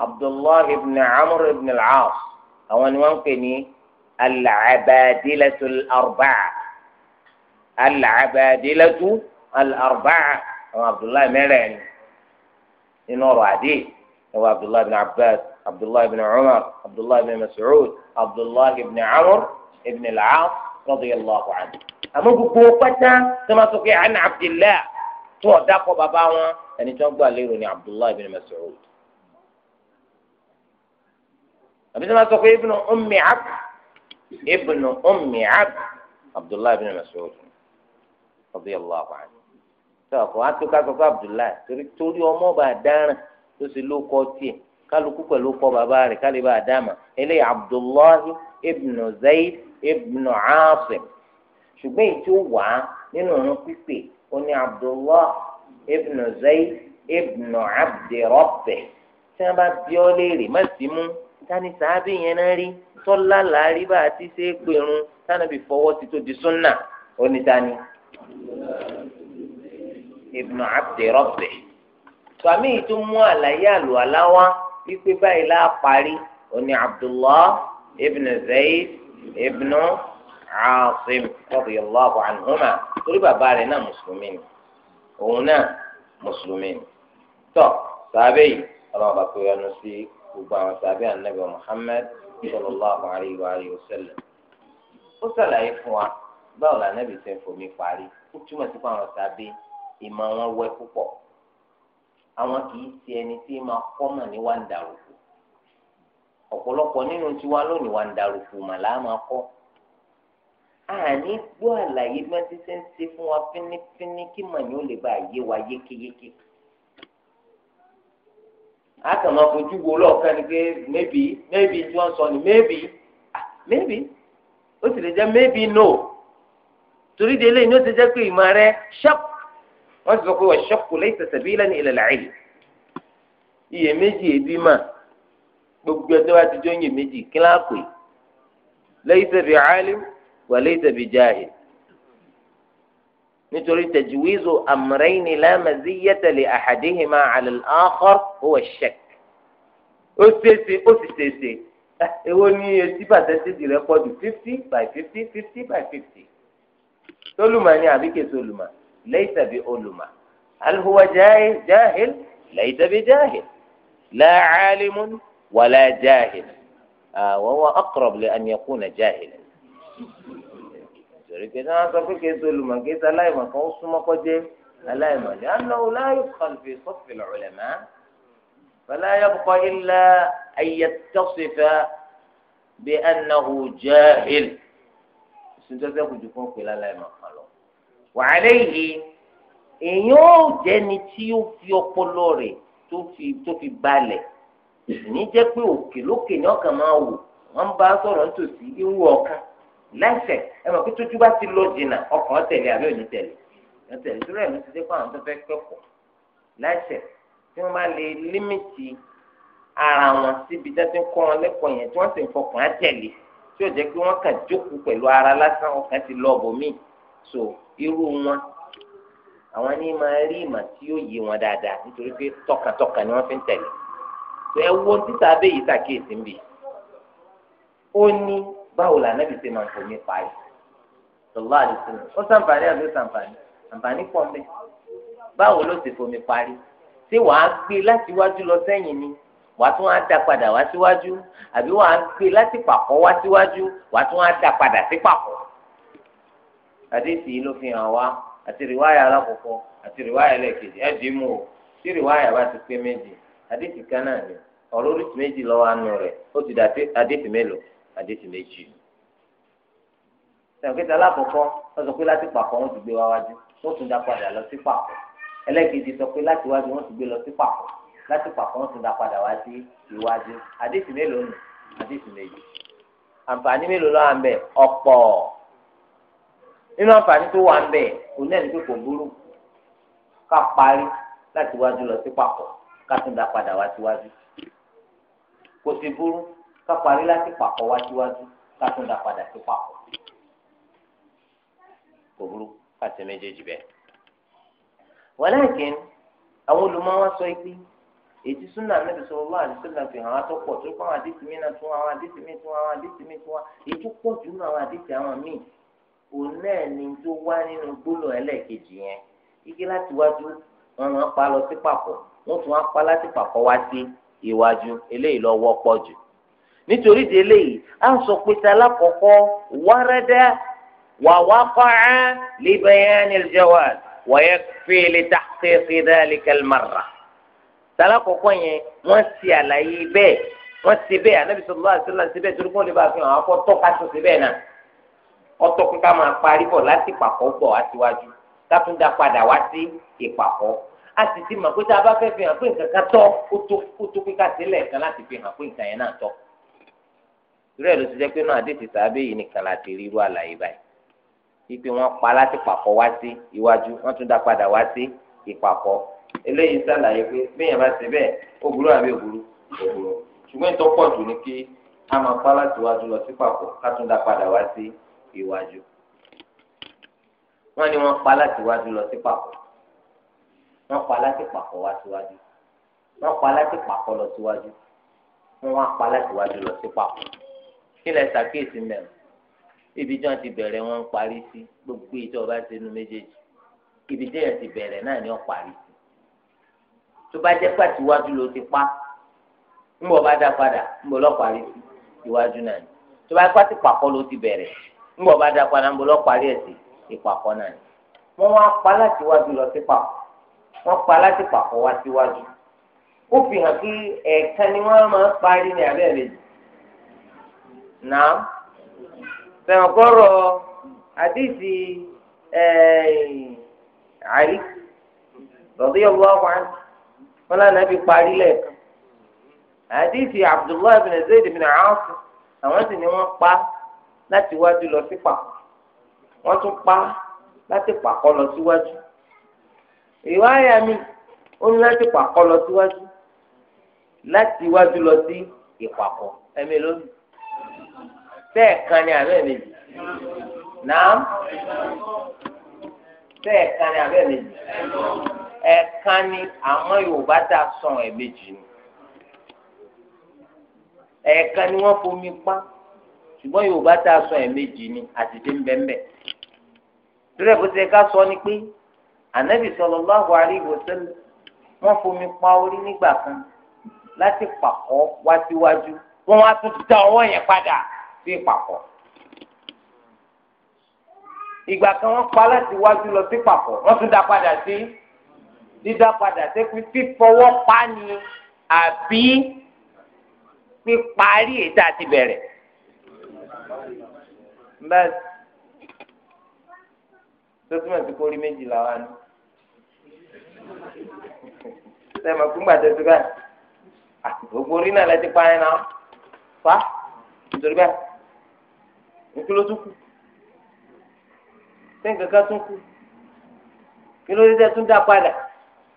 A: عبد الله بن عمرو بن العاص أو أن ممكن العبادلة الأربعة العبادلة الأربعة عبد الله مرن ينور رعدي هو عبد الله بن عباس abdullahi ibn umar abdullahi ibn mas'ud abdullahi ibn amr ibn al-aas radiyallahu anhu. àmọ́ gbogbo pátá tó máa sọ pé àná abdullahi tó ọ̀dà kọ bàbá wọn ẹni tó ń gbà lérò ní abdullahi ibn mas'ud. àbí tó máa sọ pé ibn ummi abd ibn ummi abd abdullahi ibn mas'ud radiyallahu anhu tọ́kọ̀ atukasọ́kọ́ abdullahi torí torí ọmọ bá dáràn tó sì ló kọ́ tiẹ̀ kálukú pẹ̀lú kọ bàbá rẹ̀ kálíbà àdámà eléyìí abdullahi ibn zayd ibn asim ṣùgbọ́n èyí tó wà nínú ọ̀run pípé ó ní abdullahi ibn zayd ibn abdi rabbi tí wọ́n bá bí ọ léèrè má sí mú tani sàábì yẹn náà rí tọ́lá làárí bá a ti ṣe é pèrún tánàbí fọwọ́ ti tó di súnà ó ní tani ibn abdi rabbi tọ́mí yìí àlàyé àlùhàlà wípé báyìí láà parí oní abdullah ibn zayd ibn aasim radiyallahu anhuma torí bàbá rẹ̀ náà mùsùlùmí ni òun náà mùsùlùmí ni tọ́ sàbẹ̀ yìí ọlọ́run bá pè ọnu sí gbogbo àwọn sàbẹ̀ ànábì muhammad sallallahu alayhi wa alihi wa sallam ó sàlàyé fún wa báwo làǹdàbì ṣe ń fomi parí ó túmọ̀ sí pé àwọn sàbẹ̀ ìmọ̀ wọn wẹ́ púpọ̀ àwọn kì í ti ẹni tí máa kọ́mọ̀ ní wà ń darúkú ọ̀pọ̀lọpọ̀ nínú tiwa lónìí wà ń darúkú mà láà máa kọ́ àní gbọ́ àlàyé bí wọ́n ti ṣe ń ṣe fún wa fínífíní kí mànyí ó lè bá yé wa yékéyéké a kàn máa fojú wo lọ́ọ̀kan ni pé maybe maybe tí wọ́n sọ ni maybe ah, maybe ó sì lè jẹ́ maybe no torí délé ni ó ti jẹ́ pé ìmọ̀ rẹ ṣẹ́pù wọ́n ti sọ pé wàṣọ́kù laysa sabilan ila al-ilm iyèméjì èbí mà gbogbo ẹjọ́ bá ti jọ iyèméjì kíláàpù laysa bi alim wa laysa bi jahil nítorí tajwizu amrayni la maziyyata li ahadihima ala al-akhar huwa ash ó ṣeéṣe ó sì ṣeéṣe ah, èwo ni eighty percentage rẹ pọ̀ jù fifty by fifty fifty by fifty tólùmọ̀ ni àbíkè tólùmọ̀. ليس بألمة هل هو جاهل ليس بجاهل لا عالم ولا جاهل آه، وهو أقرب لأن يكون جاهلا لأنه لا يدخل في صف العلماء فلا يبقى إلا أن يتصف بأنه جاهل سنتزق جفوك إلى لا يمقل wàhálẹ́ yìí
B: èèyàn ò
A: jẹ́ni tí ó fi ọpọlọ rẹ̀ tó fi tó fi balẹ̀ ní jẹ́ pé òkè lókè ni ọkàn máa wò wọ́n bá sọ̀rọ̀ nítòsí irú ọkàn láìsẹ̀ ẹ mọ̀ pé tójú bá ti lọ jìnnà ọkàn tẹ̀lé àbí òní tẹ̀lé tẹ̀lé tó rẹ̀ ló ti dé pé àwọn tó fẹ́ kẹ́kọ̀ọ́ láìsẹ̀ tí wọ́n bá lè límìtì ara wọn síbi tí wọ́n ti ń kọ́ wọn lẹ́kọ̀ọ́ yẹn tí wọ́n sì ń fọkàn á tẹ̀lé tí ò jẹ́ pé wọ́n kàn jókòó pẹ̀lú ara lásán ọkàn ti lọ bòmíì so irú wọn àwọn ní máa rí ìmọ̀ tí yóò yé wọn dáadáa nítorí pé tọkàntọkàn ni wọ́n fi ń tẹ̀lé tó ẹ wo títà abẹ́ yìí ṣàkíyèsí ń bì ó ní báwo làná bìí ṣe máa ń fò mí parí sọlá àdìsílẹ̀ ó sàǹfààní àbí ó sàǹfààní àǹfààní pọ̀ mẹ́ báwo ló ṣe fò mí parí ṣé wàá gbé láti wájú lọ sẹ́yìn ni wàá tún á da padà wá síwájú àbí wàá gbé láti pàkọ́ wá síwájú wàá tún á da padà sí pàkọ́ àdéhìí ló fi hàn wá àti rìwáyà alákọ̀ọ́kọ́ àti rìwáyà ẹlẹ́ẹ̀kejì ẹ̀ dì í mú o tí rìwáyà bá ti pé méjì àdéhìí kan náà ni ọ̀rọ̀ oríṣi méjì lọ́wọ́ anú rẹ̀ ó ti dà àdéhìí mélòó àdéhìí méjì. sàǹkìtà alákọ̀ọ́kọ́ wọ́n sọ pé láti pàkọ́ wọ́n ti gbé wá wájú wọ́n tún dá padà lọ sí pàkọ́ ẹlẹ́ẹ̀kejì sọ pé láti wájú wọ́n ti gbé lọ sí pàkọ́ láti pàkọ́ wọ́n tún dá padà wá sí iwájú àdéhìí mélòó nù àdéhìí méjì nínú àǹfààní tó wà ń bẹ̀ kò ní ẹni pé kò burú ká parí láti wájú lọ sí papọ̀ ká tún dá padà wá síwájú kò sì burú ká parí láti papọ̀ wá síwájú ká tún dá padà sí papọ̀ kò burú ká ṣe méjèèjì bẹ́ẹ̀. walakin àwọn olùmọ̀wá sọ pé èyí súnà níbi sọ wọ́n àti súnà fi hàn án tó pọ̀ tó kọ́ àwọn àdìsí mi náà tún àwọn àdìsí mi tún àwọn àdìsí mi tún wá èyí tó pọ̀ jù nínú àwọn àdìsí àwọn míì òun náà ni tó wá nínú gbólóhùn ẹlẹ́ẹ̀kejì yẹn igi láti wájú wọn máa pa lọ sí papọ̀ wọn tún wá pa láti papọ̀ wá sí iwájú eléyìí lọ wọ́pọ̀ jù nítorí di eléyìí à ń sọ pé ta lákọ̀ọ́kọ́ wárẹ́dẹ́ wà wá kọ́ra libayani aljawaz wa yakfi li tahqiqi dhalika almarra ta lákọ̀ọ́kọ́ yẹn wọ́n ti àlàyé bẹ́ẹ̀ wọ́n ti bẹ́ẹ̀ anábìsọ̀rọ̀ àti sọ́lá ti bẹ́ẹ̀ torí kí bá fi hàn ákọ́ tọ́ka tó ọtọ́ pé ká máa parí bọ̀ láti ìpàkọ́ bọ̀ àtiwájú látúndà padà wá sí ìpàkọ́ a sì ti mọ̀ pé tá a bá fẹ́ fi hàn pé nǹkan kan tọ́ kó tó kó tó pé ká sílẹ̀ kan láti fi hàn pé nǹkan yẹn náà tọ́ ìrẹ́ ló ti jẹ́ pé náà àdéhùn sábẹ́ yìí nìkan láti rí irú àlàyé báyìí ipe wọn pa láti pàkọ́ wá sí iwájú wọn tún dá padà wá sí ìpàkọ́ eléyìí sàlàyé pé bẹ́ẹ̀ bá ṣe bẹ́ẹ̀ ògùrú àbí ògùrú ògùrú ṣùgbọ́n ìtọ́pọ̀ jù ni kí a máa pa láti wájú lọ sí pàkọ́ ká tún dá padà wá sí iwájú wọ́n ni wọ́n pa láti wájú lọ sí pàkọ́ wọ́n pa láti pàkọ́ wá síwájú wọ́n pa láti pàkọ́ lọ síwájú wọ́n wá pa láti wájú lọ sí pàkọ́ kí lẹ ṣàkíyèsí mẹ́rin ibi tí wọ́n ti bẹ̀rẹ̀ wọ́n ń parí sí gbogbo ìjọba ti nu méjèèjì ibi tí wọ́n ti bẹ̀rẹ̀ náà ni wọ́n parí sí tó bá jẹ́ pé àtiwájú ló ti pa ń bọ̀ bá dá padà ń bọ̀ lọ́ parí sí iwájú náà ni tó bá pàtì pàkọ́ ló ti bẹ̀rẹ̀ ńgbọ̀ bá da padà ń bọ̀ lọ́parí ẹ̀ sí ìpàkọ́ náà ni wọ́n wá pa láti wájú lọ sí pàkọ́ wọ́n pa láti pàkọ́ wá ni wọ́n máa ń parí ní abẹ́ rẹ̀ náà sẹ̀wọ̀n àdìsí àrí lọ́dún yóò wá wá wọn lánàá fi parí lẹ́ẹ̀kan àdìsí Abdullahi bin bin àwọn láti wájú lọ sí pa wọ́n tún pa láti pàkọ́ lọ síwájú ìwáyà mi ó ní láti pàkọ́ lọ síwájú láti wájú lọ sí ìpàkọ́ ẹ̀mí lónìí sẹ́ẹ̀kan ni àbẹ́ mi nàá sẹ́ẹ̀kan ni àbẹ́ mi ẹ̀ẹ̀kan ni àmọ́ Yorùbá tá a sọ ẹ̀ẹ̀mejì ni ẹ̀ẹ̀kan ni wọ́n fomi pa ṣùgbọ́n yorùbá tá a sọ ẹ̀ méjì ni àtìdé ńbẹ́ńbẹ́ torí ẹ̀ bó ṣe ká sọ ni pé ànábì sallallahu alaihi wasallam wọ́n fomi pa orí nígbà kan láti pàkọ́ wá síwájú wọ́n wá tún da ọwọ́ yẹn padà sí pàkọ́ ìgbà kan wọ́n pa láti wájú lọ sí pàkọ́ wọ́n tún da padà sí dídá padà sí fífọwọ́ pa ni àbí píparí ètò àti bẹ̀rẹ̀ bẹ́ẹ̀ tó túmọ̀ sí kórìí méjì làwọn ni sẹ́mi ọ̀gbìngbà tẹ̀sí bẹ́ẹ̀ gbogbo orí náà lẹ́tí pa ẹ̀ náà fa nítorí bẹ́ẹ̀ nítorí ló tún kù sẹ́yìn kankan tún kù kí ló dé tẹ́ tún dá padà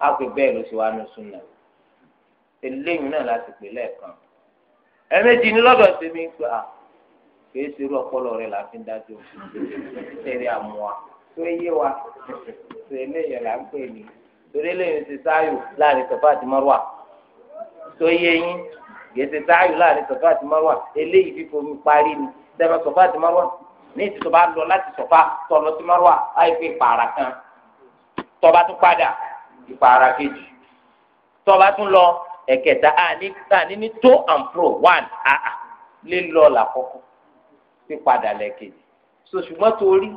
A: á pè bẹ́ẹ̀ ló ṣe wá ní sunna eléyìí náà láti pè lẹ́ẹ̀kan ẹ̀ẹ́mẹ́jì ní lọ́dọ̀ tèmi pé à kìí ṣerú ọpọlọ rẹ là fi ń dájú ṣeré àmúwa tó yé wa ṣe eléyìí là ń pè ní torí eléyìí ti sáyò láàrin Safa àti Marwa tó yé yín kìí ti sáyò láàrin Safa àti Marwa eléyìí fífò mi parí ni sẹfẹ Safa àti Marwa ní ìtìtò bá lọ láti Safa tọ̀nà sí Marwa àìpé pààrà kan tọba tún padà ìpààrà kejì tọba tún lọ ẹ̀kẹta àní ní tó and pro one àà lílọ làkọ́kọ́ pípadà lẹ́ẹ̀kejì so ṣùgbọ́n torí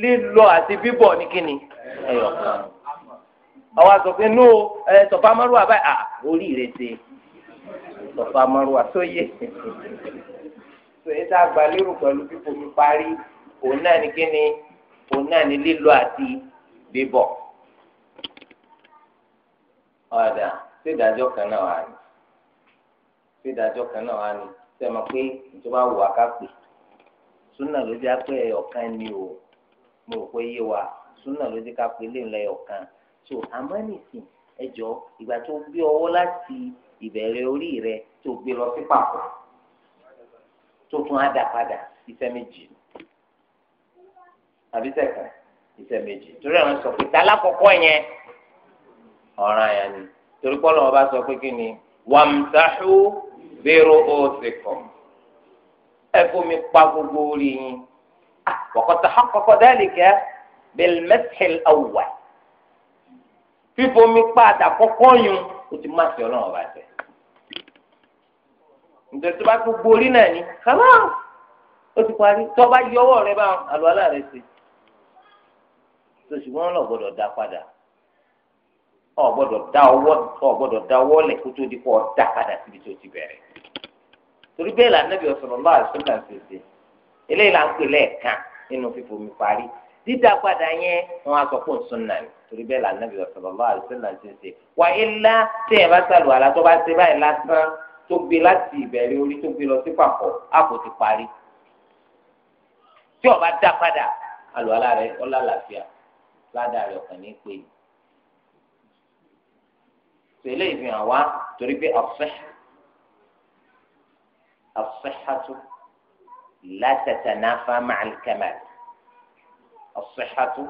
A: lílọ àti bíbọ̀ ní kíni ẹ̀yọ̀ kan àwọn àtọ̀pẹ́ nù ẹ tọ̀fà márùwà báyìí à ah, orí rẹ̀ ṣe tọ̀fà márùwà tó yẹ so èyí tá a gbà lérò pẹ̀lú bíbọ̀ mi parí òun náà ní kíni òun náà ní lílọ àti bíbọ̀ ọ̀dà sídàjọ́ kan náà wà ní sídàjọ́ kan náà wà ní sẹ́mi pé ìjọba wù wá ká pè é súnà ló jẹ́ pé ẹ̀yọ̀kan ni o mo rò pé yé wa súnà ló jẹ́ ká pé léwu lẹ́yọ̀kan so àmọ́ nìsín ẹjọ́ ìgbà tó gbé ọwọ́ láti ìbẹ̀rẹ̀ orí rẹ tó gbé lọ sí pàpọ̀ tó tún á dà padà iṣẹ́ méjì àbí sẹ́kà iṣẹ́ méjì torí àwọn sọ pé tálá kọ̀kọ́ yẹn ọ̀ràn yẹn torí pọ́lọ́ wọn bá sọ pé kí ni wàmùtáhù bẹ́rù ó sì kọ̀ ẹfomi pa gbogbo orí yín ah, wọkọtà hakọkọ dáàlì kẹ bẹlmẹsìl awùwà fífomi pa àdàkọkọ yun o ti má sí Ọlọ́run ọba tẹ nítorí tó bá gbogbo orí náà ni kàmá o ti parí tó o bá yọwọ́ rẹ bá àlùwalá rẹ ṣe tó ṣùgbọ́n lọ gbọ́dọ̀ dá padà ọ gbọ́dọ̀ dá ọwọ́ ọ gbọ́dọ̀ dá ọwọ́ lẹ̀ kó tó di kó ọ dá padà síbi tó ti bẹ̀rẹ̀ torí bẹ́ẹ̀ là nàbì sallallahu alaihi wasallam ṣèṣe eléyìí là ń pè lẹ́ẹ̀kan nínú fífomi parí dídá padà yẹn wọn á sọ pé òun sunna ni torí bẹ́ẹ̀ là nàbì sallallahu alaihi wasallam ṣèṣe wà á ilá tẹ̀ ẹ̀ bá sàlù àlá tó bá ṣe báyìí lásán tó gbé láti ìbẹ̀rẹ̀ orí tó gbé lọ sí pàpọ̀ àpò ti parí tí ó dá padà
B: àlù àlá ọlá
A: làáfíà الصحة لا تتنافى مع الكمال الصحة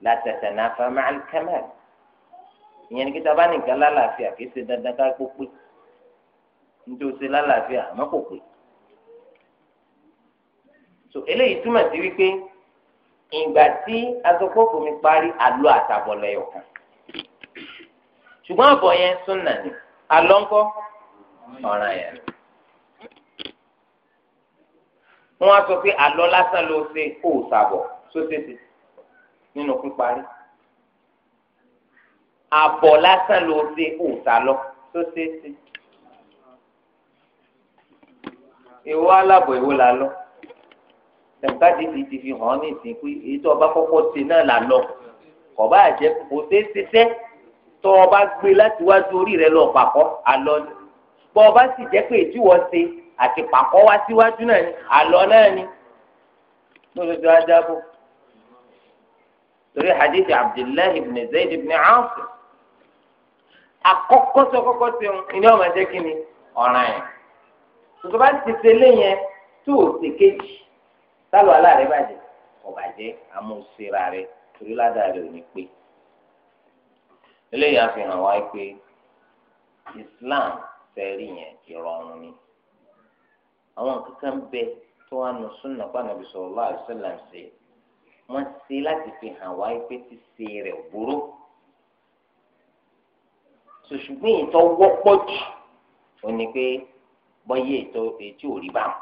A: لا تتنافى مع الكمال ìyẹn ni kí taba nìkan lálàáfíà kì í ṣe dandan ká kó pé nítorí ṣe lálàáfíà àmọ́ kò pé so eléyìí túmọ̀ sí wípé ìgbà tí azọpọ̀pọ̀ mi parí àlọ́ àtàbọ̀lọ̀ ẹ̀yọ̀ kan ṣùgbọ́n àbọ̀ yẹn súnà ni àlọ́ ńkọ́ ọ̀ràn yẹn ni wọn á sọ pé àlọ lásán ló ṣe kó o sàbọ sóṣèṣe nínú píparí àbọ lásán ló ṣe kó o sàlọ sóṣèṣe èwo alábọ èwo là lọ tẹ̀gbájì ti ti fi hàn án ní ìsìn pé èyí tó ọba kọ́kọ́ ṣe náà là lọ kọ̀ọ̀bá àjẹ kò ṣeé ṣiṣẹ́ tó ọba gbé láti wájú orí rẹ lọ pàkọ́ àlọ́ ni bọ́ ọba sì jẹ́ pé ìjúwọ́ ṣe àti pàkọ́ wá síwájú náà ni àlọ́ náà ni lórí tó ajábọ̀ torí hadith abdullahi ibn zayd ibn Asim àkọ́kọ́ tó kọ́kọ́ tó ń ní ọmọ ẹ̀jẹ̀ kí ni ọ̀ràn yẹn tuntun bá ti ṣe léyìn tó o ṣe kejì sálọ aláàrẹ bàjẹ́ ọ̀bàjẹ́ amúṣera rẹ torí ládàá rẹ ò ní pé eléyìí àfihàn wáyé pé islam fẹ́ẹ́ rí yẹn ìrọ̀rùn ni àwọn kankan bẹ tó wà nù súnà pa nàbì sallallahu alaihi wasallam ṣe wọn ṣe láti fi hàn wá pé ti ṣe rẹ òbúrò ṣùṣùgbọ́n ìtọ́ wọ́pọ̀ jù ó ní pé bọ́yé ètò ètí ò rí bá wọn.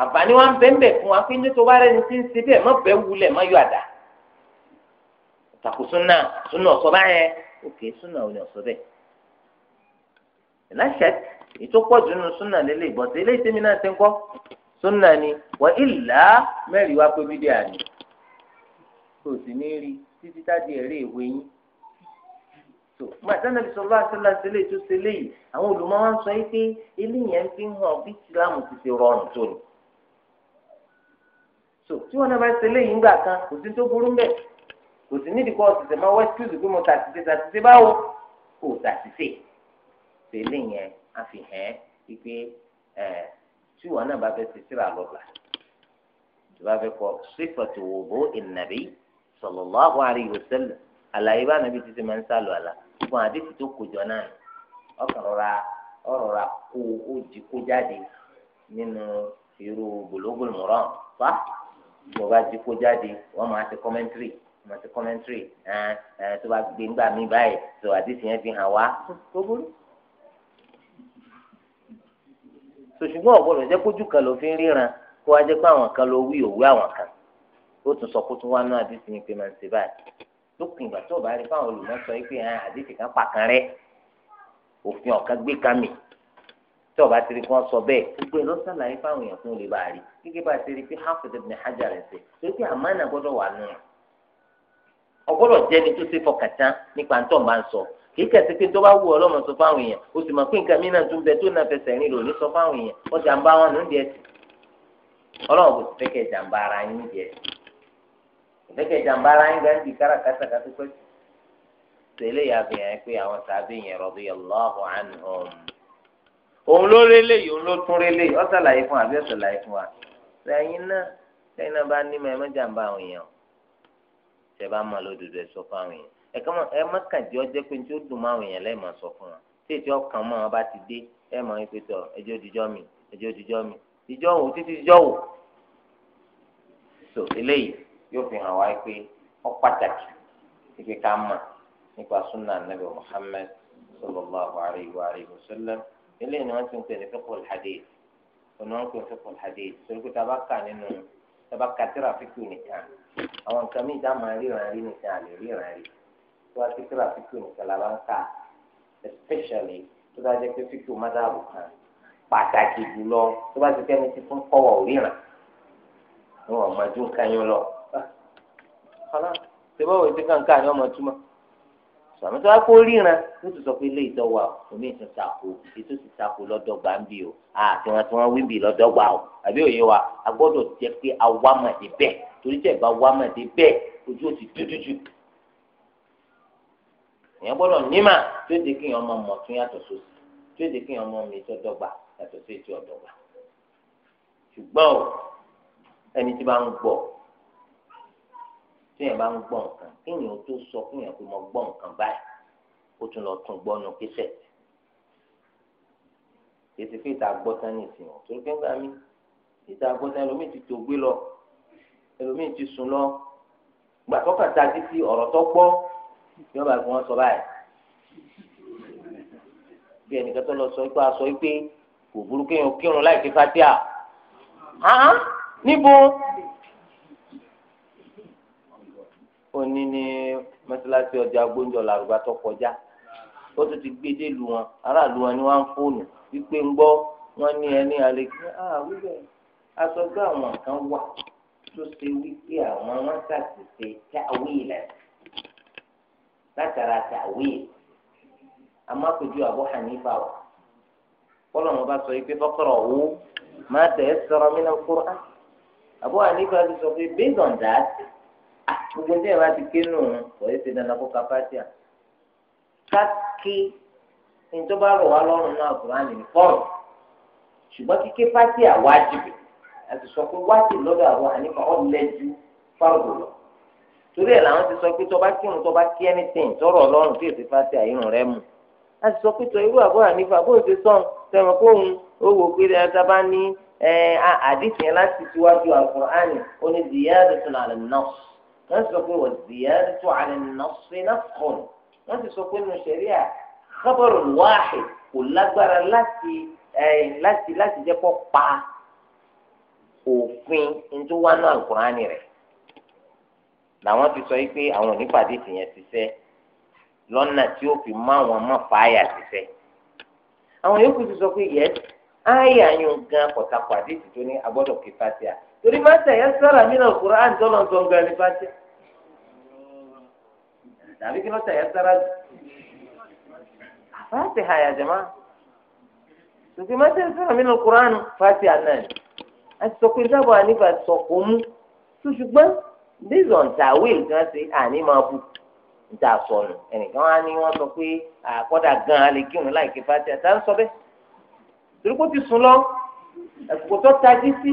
A: àǹfààní wa ń bẹ́ẹ̀ bẹ́ẹ̀ fún wa pé nítorí wàá rẹni tí ń ṣe bẹ́ẹ̀ má bẹ́ẹ̀ wulẹ̀ má yọ àdá. ìtàkùn súnà súnà báyẹn òkè súnà ò ní ọ̀sọ́ bẹ́ẹ̀. ìlàṣẹ ìtòpọ̀jù nínú súnà lélẹ̀ ìbọ̀tẹ́ eléyìí tèmi náà ti ń kọ́ súnà ni wà ìlà mẹ́rin wá pé bídẹ́ àná kò sì ní rí títí tádi ẹ̀rí ìwé yín tó màtá nàbí sọlá sọlá sílé tó sílé yìí àwọn olùmọ̀ wa ń sọ yìí pé eléyìí fi ń hàn bí ìsìlámù ti ṣe rọrùn tó ni tó tí wọn náà bá sílé yìí ńgbà kan kò sí tó burú mbẹ kò sí nídìí kọ́ ọ̀sẹ̀ máa wá ẹ́síkúùsì pé mo tàṣìṣe tàṣìṣe báwo kò tàṣìṣe sílé yẹn a fi hàn ẹ́ wípé ẹ̀ tí wọn náà bá fẹ́ ṣe síra lọ́gbà tí wọn bá fẹ́ kọ sífọ̀tì wòbó ìnàbí sallallahu alaihi wasallam àlàyé bá nàbí títí máa ń sálọ àlà fún àdìsí tó kojọ náà ọkàn rọra ọrọra kó o jí kó jáde nínú irú gbòlógbòlò mìíràn fa bó bá jí kó jáde wọn máa ṣe kọ́mẹ́ntìrì máa ṣe kọ́mẹ́ntìrì ẹ ẹ tó bá gbé ńgbà mí báyìí tó àdìsí yẹn fi hàn wá tó burú. sòṣùgbọ́n ọ̀gbọ́dọ̀ jẹ́ kójú kan ló fi ń ríran kó wá jẹ́ pé àwọn kan ló wí òwe àwọn kan ó tún sọ kó tún wá náà àdìsí ni pé máa ń ṣe báyìí lópin ìgbà tó bá rí fáwọn olùmọ̀sọ yìí pé àdìsí kan pàkan rẹ òfin ọ̀kan gbé kami tí ọba ti rí kí wọ́n sọ bẹ́ẹ̀ gbogbo ẹ̀ lọ́sàlàyé fáwọn èèyàn fún olè bá rí gẹ́gẹ́ bá ti rí pé Hafiz ibn Hajar rẹ̀ ṣe torí pé àmánà gbọ́dọ̀ wà nù ọgbọ́dọ̀ jẹ́ni tó ṣe kìí kẹsì pé tó bá wù ọ lọ́mọ sọ fáwọn èèyàn o sì mọ̀ pé nǹkan mí náà tún bẹ tó náà fẹsẹ̀ rìn rò ní sọ fáwọn èèyàn wọ́n ti à ń bá wọn nùdí ẹ̀sìn ọlọ́run kò sì fẹ́ kẹ́ jàǹbá ara yín nìdí ẹ̀sìn fẹ́ kẹ́ jàǹbá ara yín gbáǹdì káràkátà kátó pẹ́ sí. yà bẹ̀ yẹn pé àwọn sábẹ́ yẹn radiyallahu anhum. òun ló rélé yìí òun ló tún tẹ bá mọ lódodo ẹ sọ fún àwọn èèyàn ẹ kàn ẹ má kàn jẹ́ ọjọ́ pé tí ó dùn mọ́ àwọn èèyàn lẹ́ẹ̀ máa sọ fún wọn tí ètò ọkàn mọ́ wọn bá ti dé ẹ mọ̀ ẹ tọ ẹjọ́ òdìjọ́ mi ẹjọ́ òdìjọ́ mi ìjọ́ wò títí ìjọ́ wò. so eléyìí yóò fi hàn wá pé ó pàtàkì pé ká mọ̀ nípa sunnah nabi muhammed sallallahu alayhi wa alayhi wa sallam eléyìí ni wọ́n ti ń pè ní fiqhul hadith ọ̀nà wọn pè fiqhul hadith torí pé tá a bá ẹ̀bá katira fíkù nìkan àwọn nǹkan mi dá máa ríran rí nìkan àlè ríran rí tó wá katira fíkù nìkan la bá ń kà especially tó bá jẹ́ pé fíkù mádàbù kan pàtàkì jùlọ tó bá ti kẹ́ni ti fún kọ́wọ́ ríran wọn ò máa dún kányún lọ. Ah, ṣé báwo ti kàǹkà ni wọ́n máa túmọ̀ àmọ́ tó bá kó ríran ó ti sọ pé ilé ìdọ́wà omi ìtún tako ètò ti tako lọ́dọ́gba ń bì o àti wọn tí wọ́n wí bì lọ́dọ́gba o àbí òye wa a gbọ́dọ̀ jẹ́ pé a wá màdé bẹ́ẹ̀ torí tẹ̀ bá wá màdé bẹ́ẹ̀ ojú ò ti dúdú jù èèyàn gbọ́dọ̀ nímà tí ó di kí èèyàn mọ̀ tún yàtọ̀ sósì tí ó di kí èèyàn máa mi tó dọ́gba yàtọ̀ sí ètò ọ̀dọ́gba ṣùgbọ́n ẹni tí bá ń gbọ́ tí yẹn bá ń gbọ́ nǹkan kí yẹn ó tó sọ fún yẹn pé mo gbọ́ nǹkan báyìí o tún lọ tún gbọ́ nu kíṣẹ̀ ètò fi ìta gbọ́ tán ní ìsìn wọn torí pé ń gbà mí ìta gbọ́ tán ẹlòmíì ti tó gbé lọ ẹlòmíì ti sùn lọ gbàtọ́ kàtà títí ọ̀rọ̀ tó gbọ́ yọba kí wọ́n sọ báyìí bí ẹnìkan tó lọ sọ pé sọ pé kò burú kéèyàn kírun láì fi fatia níbo òní ní mọ́sálásí ọjà gbóúnjọ làrúbá tó kọjá ó tún ti gbé dé lu wọn aráàlú wọn ni wọn ń fóònù wípé ń gbọ́ wọn ní ẹni àlejò
B: ah wíwẹ̀ asọ́gbà àwọn kan wà
A: tó ṣe wípé àwọn wọn ṣàtìṣe táwíìlẹ̀ látara táwíìlẹ̀ amákojú àbọ̀ hànífà wà kọ́lọ̀ wọn bá sọ wípé fọ́kọ̀rọ̀ wò má tẹ̀ ẹ́ sọ̀rọ̀ mí náà kúrò á àbọ̀ hànífà ti sọ pé based on that. gbogbo tí ìwà ti ké nù kò yẹ ti dandan kó kapatia káàkiri ìjọba rọ̀ wá lọ́rùn náà kúránì ní fọ́ọ̀mù ṣùgbọ́n kíké pátíà wájibì àti sọ pé wájibì lọ́dọ̀ àwọn àníkà ọ̀lẹ́jú fáwọn lọ torí ẹ̀ làwọn ti sọ pé tọba kírun tọba kí tọrọ tí èsì pátíà irun rẹ sọ pé tọ irú àníkà wọ́n sọ pé waziyadatu ala nassi naskhun wọ́n sì sọ pé nù sẹ́ríà khabarun wahid kò lágbára láti láti láti jẹ́ kó pa òfin ntó wà náà alukurani rẹ̀ làwọn ti sọ yìí pé àwọn onípàdé tìyẹn ti sẹ́ lọ́nà tí ó fi mọ àwọn ọmọ fàáyà ti sẹ́ àwọn yòókù ti sọ pé yẹ áyà yun gan pọ̀tàpọ̀ àdéhùn tó ní agbọ́dọ̀ kí fásíà
B: torí má tẹ̀yẹ sára nínú Kùránì
A: àǹtọ́nà gbọ̀ngàn ní bàjẹ́ tàbí kí ló tẹ̀yẹ sára jù àbáṣe àyàjẹmá tòkè má tẹ̀yẹ sára nínú Kùránì àǹtọ́nà fàtì àná àti sọ pé dábọ̀ àníbà sọ kò mú tó ṣùgbọ́n bíṣọ̀ ntàwé nǹkan ṣe àní máa bù nta sọnù ẹnìkan wá ní wọn sọ pé àkọ́dà gan alẹ́ kírun láì kí fàtì àtà ń sọ bẹ́ẹ̀
B: torí kó ti sùn lọ ẹ̀fọ́ tó tají sí.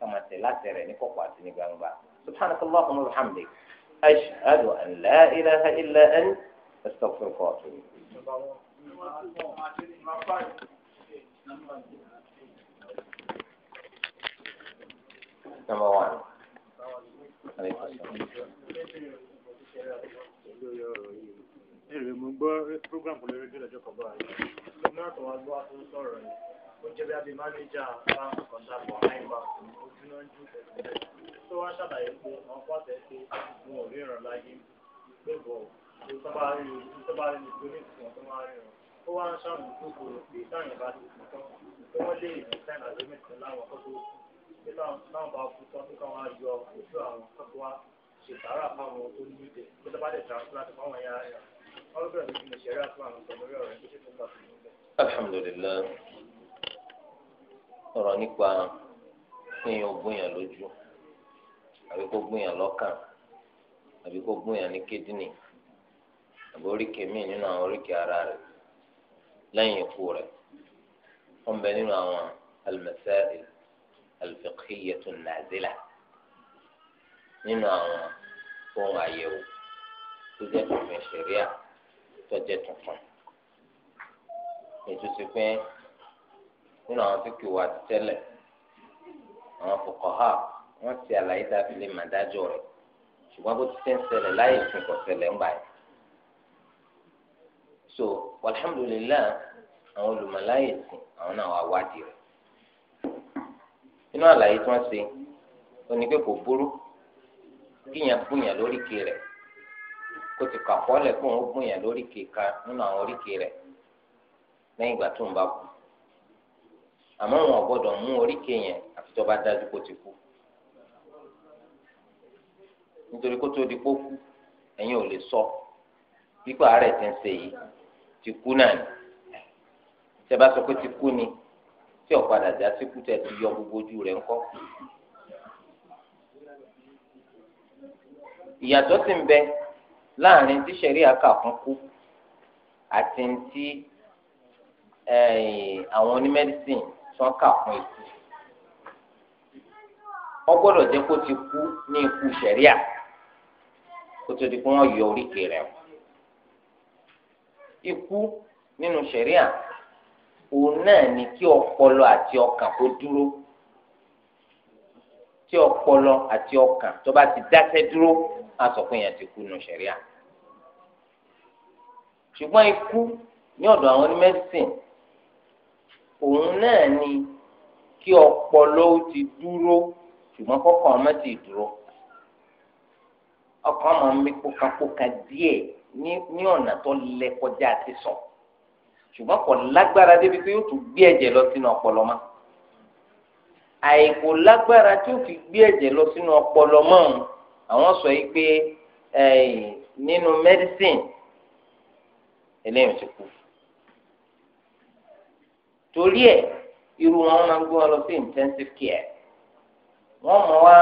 A: kama tẹ láti rẹ ní kọ̀kọ̀ àti ní gbangba subhanaka allahumma wa bihamdik ashhadu an la ilaha illa anta astaghfiruka wa atubu
B: Number one. Èrè mo gbọ́ program kan lórí rédíò lọ́jọ́ kan báyìí. Lọ́nà àtọ̀wá gbọ́ àtúntò sọ̀rọ̀ yìí ó jẹ́ bí abẹ́ mánéjà báńkì kọ̀ọ̀tà pọ̀ àìmọ̀ ojúnájú tó wá ṣàlàyé pé àwọn pàṣẹ pé wọn ò ríran láyé pé bọ̀ tó bá rí ojú tó bá rí ojú ní ìsìn tó máa ríran ó wá ń ṣàmù tó kò rò pé táyìn bá ti kú tán pé wọ́n lè rìn sáìn àgbẹ̀mẹ̀tì láwọn kókó pé láwọn bá kú tán pé káwọn yọ ojú àwọn kókó wá ṣètàrà fáwọn tó ní ìdè pé tó dẹ̀ transplant fáwọn ẹ̀yà Alhamdulillah
A: sọ̀rọ̀ nípa kéèyàn gbóyàn lójú àbí kó gbóyàn lọ́kàn àbí kó gbóyàn ní kídìní àbí oríkèé míì nínú àwọn oríkèé ara rẹ̀ lẹ́yìn ikú rẹ̀ wọ́n bẹ nínú àwọn al-masail al nínú àwọn ohun àyẹ̀wò tó jẹ́ tuntun ìṣẹ̀ríà tó jẹ́ tuntun ètò ti pín nínú àwọn tó kì wá tẹ́lẹ̀ àwọn fuqaha wọ́n ti àlàyé tá a fi lè mà dájọ́ rẹ̀ ṣùgbọ́n bó ti ṣe ń ṣẹlẹ̀ láyé òfin kò ṣẹlẹ̀ ń báyìí. so alhamdulilayi àwọn olùmọ̀láyè sìn àwọn náà wà wádìí rẹ̀ nínú àlàyé tí wọ́n ṣe òní pé kò burú kíyàn búyàn lóríkè rẹ̀ kó ti kàkọ́lẹ̀ kó òun búyàn lóríkè kan nínú àwọn oríkè rẹ̀ lẹ́yìn ìgbà tó ń bá kú àmọ́ wọn gbọ́dọ̀ mú oríkè yẹn àfi tó bá dájú kó ti kú nítorí kó tó di kó kú ẹ̀yin ò lè sọ pípa àárẹ̀ ti ń ṣe yìí ti kú náà ni tẹ bá sọ pé ti kú ni tí ọ̀padà já sí kú tẹ ti yọ gbogbo ojú rẹ̀ ńkọ́. ìyàtọ̀ sì ń bẹ láàrin tí sẹ̀rí àkàkùn kú àti tí àwọn onímẹ́dísìn sọ́kà fún ikú wọ́n gbọ́dọ̀ jẹ́ kó ti kú ní ikú sẹ̀ríà kó tó di kó wọ́n yọ oríkèé rẹ̀ o ikú nínú sẹ̀ríà òun náà ni kí ọpọlọ àti ọkàn kó dúró tí ọpọlọ àti ọkàn tó bá ti dáṣẹ́ dúró á sọ pé yẹn ti kú nínú sẹ̀ríà ṣùgbọ́n ikú ní ọ̀dọ̀ àwọn onímẹ̀sìn òun náà ni kí ọpọlọ ó ti dúró ṣùgbọ́n kọ́kọ́ ọmọ ti dúró ọkàn máa ń mi pókapóka díẹ̀ ní ọ̀nà tó lẹ kọjá àti sọ ṣùgbọ́n kò lágbára débi pé yóò tún gbé ẹ̀jẹ̀ lọ sínú ọpọlọ mọ́ àìkò lágbára tí ó fi gbé ẹ̀jẹ̀ lọ sínú ọpọlọ mọ́ àwọn sọ yìí pé nínú mẹ́dísìn eléyìí ti kú torí ẹ̀ irú wọn máa ń gbé wọn lọ sí intensive care wọ́n mọ̀ wá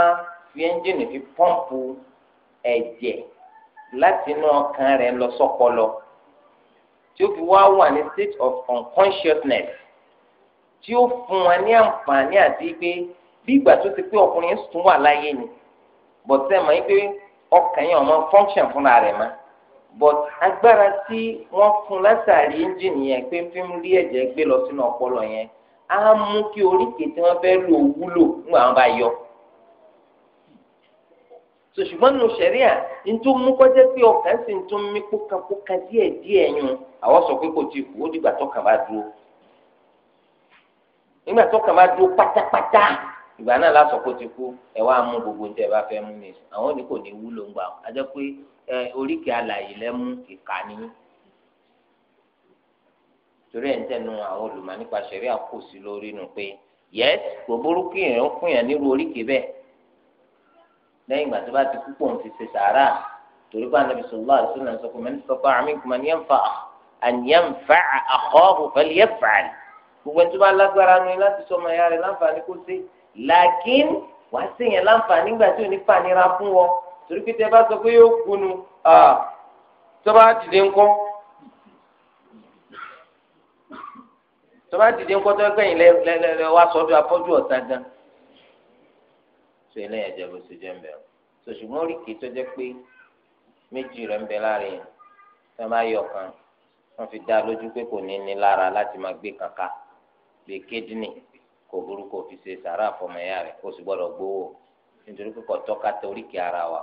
A: fi ẹ́ńjìnì fi pọ́ǹpù ẹ̀jẹ̀ láti inú ọkàn rẹ̀ lọ sọpọlọ tí ó fi wá wà ní state of unconsciousness tí ó fún wa ní àǹfààní àti pé bí ìgbà tó ti pé ọkùnrin tún wà láyé ni bọ̀tẹ́ mọ̀ pé ọkàn yẹn ọmọ function fúnra rẹ̀ máa but agbára tí wọ́n fún látàrí ẹ́ńjìnì yẹn pé fi ń rí ẹ̀jẹ̀ gbé lọ sínú ọpọlọ yẹn á mú kí oríkèé tí wọ́n fẹ́ lò wúlò nígbà wọn bá yọ. sòṣùgbọ́n nù sẹ́ríà ntú mú kọjá pé ọkàn sì ntú mí pókapóka díẹ̀ díẹ̀ yun àwọn sọ pé kò tí kú ó dìgbà tọkàn bá dúró nígbà tọkàn bá dúró pátápátá ìgbà náà lásọ̀ kó ti kú ẹ̀ wá mú gbogbo ní ẹ bá fẹ́ mú mi àwọn ò oríkèé alàyè lẹ́mú ìka ni torí ẹ̀ ń tẹnu àwọn olùmọ̀ nípa ṣẹ̀rí àkóso lórí nu pé yẹ gbogbooro kí èèyàn fún yàn nírú oríkèé bẹ́ẹ̀ lẹ́yìn ìgbà tó bá ti púpọ̀ ń fi ṣe sàárà torí pé anabi sọlá àti sọlá sọ pé mẹni sọpá àmì kùmà ní ẹnfà àníyànfà àkọ́ọ̀bù pẹ̀lú ẹ̀fà rẹ̀ gbogbo ẹni tó bá lágbára nu láti sọmọ ẹ̀yà rẹ̀ láǹfààní kó ṣe làákín wàá ṣèyàn láǹfààní nígbà tí ò ní fànírà fún wọn torí pé tẹ bá sọ pé yóò kunu tọ́ba dìde ńkọ́ tọ́ba dìde ńkọ́ tó gbẹ̀yìn lẹ́ẹ̀lẹ́ wá sọ́dọ̀ afọ́jú ọ̀tá gan tó ilé yẹn jẹ́ bó ṣe jẹ́ mbẹ́ tó ṣùgbọ́n oríkì tó jẹ́ pé méjì rẹ̀ ń bẹ lára yẹn tó bá yọ kan wọ́n fi dá lójú pé kò ní ní lára láti máa gbé kàkà gbé kídìní kò burú kò fi ṣe sàrà àfọmọ̀yà rẹ̀ kò sì gbọ́dọ̀ gbowó nítorí pé kò tọ́ka tó oríkì ara wa.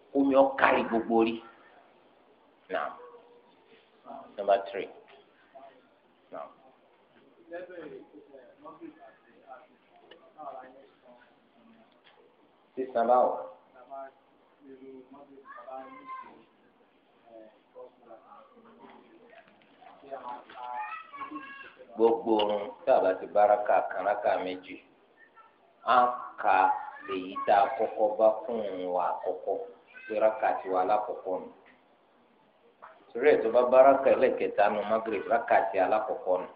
A: omi ọ̀kárí gbogbo rí náà nọ́mbà tírì náà. sísan báwo.
B: gbogbo oorun tá a bá
A: ti báraka kànáka méjì á ka èyí tá a kọ́kọ́ bá fún un wà kọ́kọ́. ìṣẹ́ra kàti wà lákòókò nù torí ẹ̀ tó bá bára kẹlẹ̀ kẹta nù magreth rákàtì alákọ̀ọ́kọ́ nù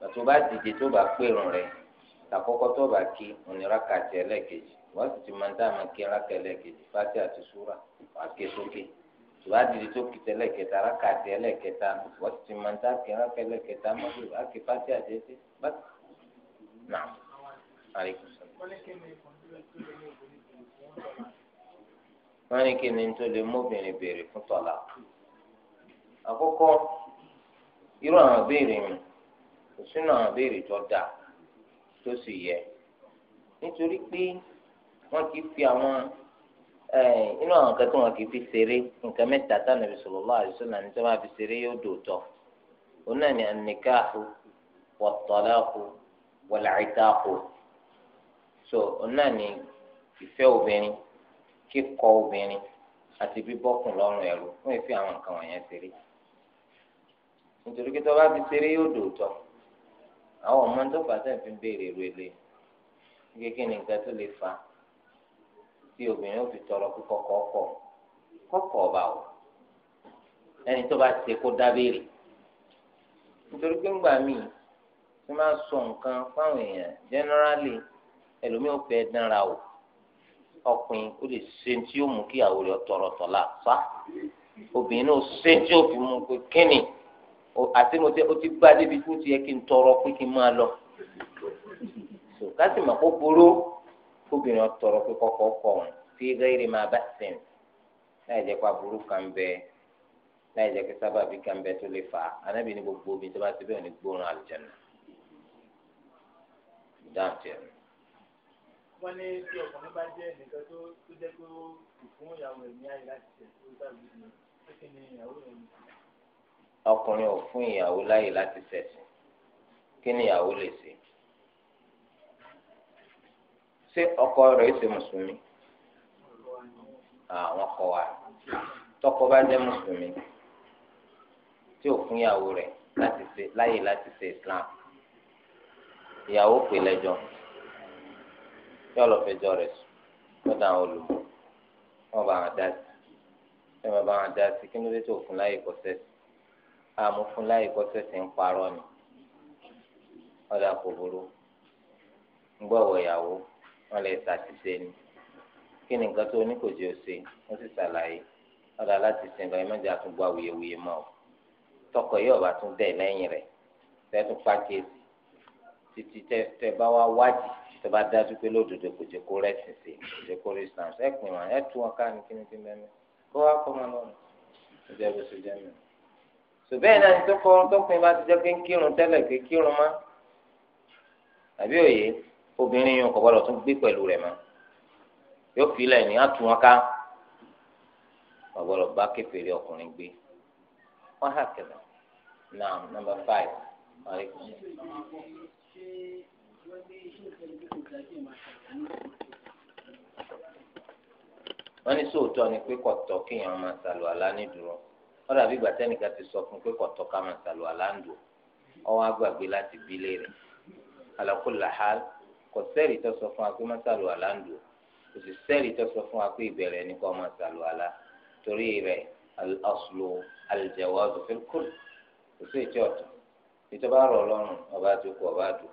A: pàtó bá dìde tó bá pèrún tó bá kí òní rákàtì sì ti máa ń dá kí fati àti wà ké sókè tó bá dìde tó kí sì ti máa ń dá kí magreth àti fati àti bàtà nà àríkùsọ. wọn ní kí ni tó lè móbìnrin béèrè fún tọ́lá àkọ́kọ́ irú àwọn béèrè mi kò sínú àwọn béèrè tó dáa tó sì yẹ nítorí pé wọn kì í fi àwọn inú àwọn nǹkan tí wọn kì í fi ṣeré nǹkan mẹ́ta tá nàbì sallallahu alaihi wasallam ní tó máa fi ṣeré yóò òun kíkọ obìnrin àti bíbọ́kùn lọ́rùn ẹ̀rù fún ìfi àwọn nǹkan wọ̀nyẹn ṣeré nítorí pé tó bá fi ṣeré yóò dòótọ́ àwọn ọmọ tó fà sẹ́yìn fi ń béèrè èrò ilé kékeré ní nǹkan tó lè fa tí obìnrin ó fi tọrọ kíkọ kọ́kọ́ kọ́kọ́ ọba o ẹni tó bá ṣe kó dábèrè nítorí pé ńgbà míì tí wọ́n máa sọ nǹkan fáwọn èèyàn generally ẹlòmíì ò fẹ́ dánra o ọkùnrin ó lè ṣe tí yóò mú kí ìyàwó rẹ̀ tọrọ tọ̀la fa obìnrin náà ṣe tí yóò fi mú pé kínni àti mo ti ó ti gbá débi tó ti yẹ kí n tọrọ pé kí n máa lọ kásì mà kó burú obìnrin tọrọ pé kọ́kọ́ kọ̀ ọ́n fi rẹ́rẹ́ máa bá sìn láì jẹ́ pa burú kan bẹ́ẹ̀ láì jẹ́ pé sábàbí kan bẹ́ẹ̀ tó lè fà á anábì ní gbogbo obìnrin tó bá ti bẹ́ẹ̀ ní gbóòórùn àlùjánnà dáhùn tiẹ̀
B: wọ́n ní tí ọkùnrin bá jẹ́ nìkan tó tó jẹ́ pé ó kù fún ìyàwó rẹ̀ ní ayé láti tẹ̀ tó dàbí ní ó sì ní ìyàwó rẹ̀ ní.
A: ọkùnrin ò fún ìyàwó láyè láti ṣẹ̀sìn kí ni ìyàwó lè ṣe ṣé ọkọ rẹ̀ ṣe mùsùlùmí àwọn kọ wa tọkọ bá jẹ́ mùsùlùmí tí ò fún ìyàwó rẹ̀ láyè láti ṣe Islam ìyàwó pè lẹ́jọ́ yọ lọ́fẹ̀ẹ́jọ rẹ̀ lọ́dọ̀ àwọn olùmọ̀ wọn bá wọn dá sí ẹ máa bá wọn dá sí kí ló dé tó fún láyè kọsẹ́ sí àmú fún láyè kọsẹ́ sí ń parọ́ ni ọ̀dà kò burú ngbọ̀wọ̀ ìyàwó wọn lè ṣàtìṣe ni kí ni nǹkan tó ní kò jẹ́ òṣè wọ́n sì ṣàlàyé ọ̀dà láti sìn lọ ẹ má jẹ́ àtúgbò mọ́ ọ tọkọ yóò bá tún dẹ̀ lẹ́yìn rẹ̀ tẹ́tù pàkíyèsí títí tẹ́ bá wá wádìí tó bá dájú pé lódodo kò jẹ́ kó rẹ́sìn sí kò jẹ́ kó rẹ́sìn náà ẹ pè wọn ẹ tú wọn ká ní kíni kí mẹ́mẹ́ kó wá kọ́ wọn lọ́rùn ó jẹ́ bó ṣe jẹ́ mi. ṣùgbọ́n náà ní tó kọ́ tọkùnrin bá ti jẹ́ pé ń kírun tẹ́lẹ̀ pé kírun mọ́ àbí òye obìnrin yìí kò gbọ́dọ̀ tún gbé pẹ̀lú rẹ̀ mọ́ yóò fi ilẹ̀ ní á tú wọn ká wọ́n gbọ́dọ̀ bá kékeré ọkùnrin gbé wọ́n hà kẹlẹ̀ náà nọ́mbà five. Thank you wọ́n ní sóòótọ́ ni pé kọ̀tọ̀ kéèyàn máa sàlù àlá nídùúró ọ̀rọ̀ àbí ìgbà tẹ́nìkan ti sọ fún un pé kọ̀tọ̀ ká máa sàlù àlá ń dùn ọwọ́ agbàgbé láti bílé rẹ̀ alákòlá ha kò sẹ́ẹ̀rì tó sọ fún wa pé má sàlù àlá ń dùn kò sì sẹ́ẹ̀rì tó sọ fún wa pé ìbẹ̀rẹ̀ ni kò máa sàlù àlá torí rẹ̀ al-aslu al-jawazu fil kull kò sí ìtì ọ̀tún ìtọ́ bá rọ̀ ọlọ́run ọba àti okùn ọba àdùn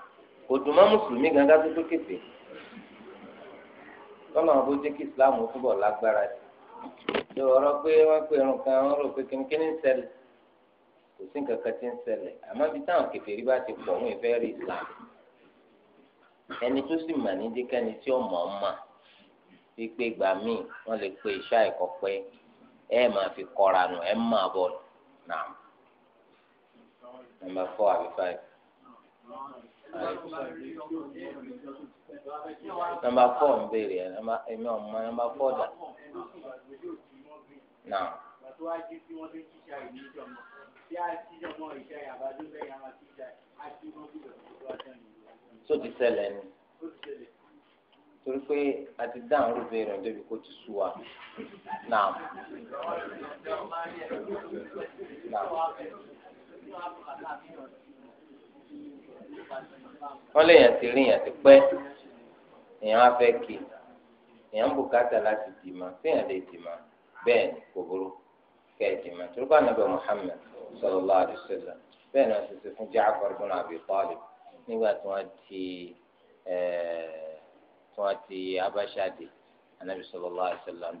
A: òdùmọ́ mùsùlùmí gàdá tó tó kéfè lọ́nà àbó jẹ́ kí islam túbọ̀ lágbára sí ṣe ọ̀rọ̀ pé wọ́n pe irun kan wọ́n rò pé kíni ń ṣẹlẹ̀ kò sí nǹkan kan tí ń ṣẹlẹ̀ àmọ́ ibi táwọn bá ti pọ̀ wọ́n ìfẹ́ rí islam ẹni tó sì mà tí ó mọ̀
B: nọmba fọ ń béèrè ẹ
A: ẹmi ọmọ nọmba fọ dà
B: náà. pàtó ti ń a ti jọmọ ìṣe àbájọ lẹ́yìn àwọn ti jà á ti wọ́n ni torí
A: pé a ti dá àwọn olùbẹ̀rẹ̀ rẹ̀ débi kó ti sú wa
B: náà. náà. wọ́n lè yàn ti rí yàn ti pẹ́
A: èèyàn á fẹ́ kí èèyàn ń bùkátà láti dìímọ̀ téèyàn lè dìímọ̀ bẹ́ẹ̀ ni kò burú kẹ́ ẹ̀ sallallahu bẹ́ẹ̀ ni wọ́n ti ṣe fún Ja'far ibn Abi nígbà tí wọ́n ti tí wọ́n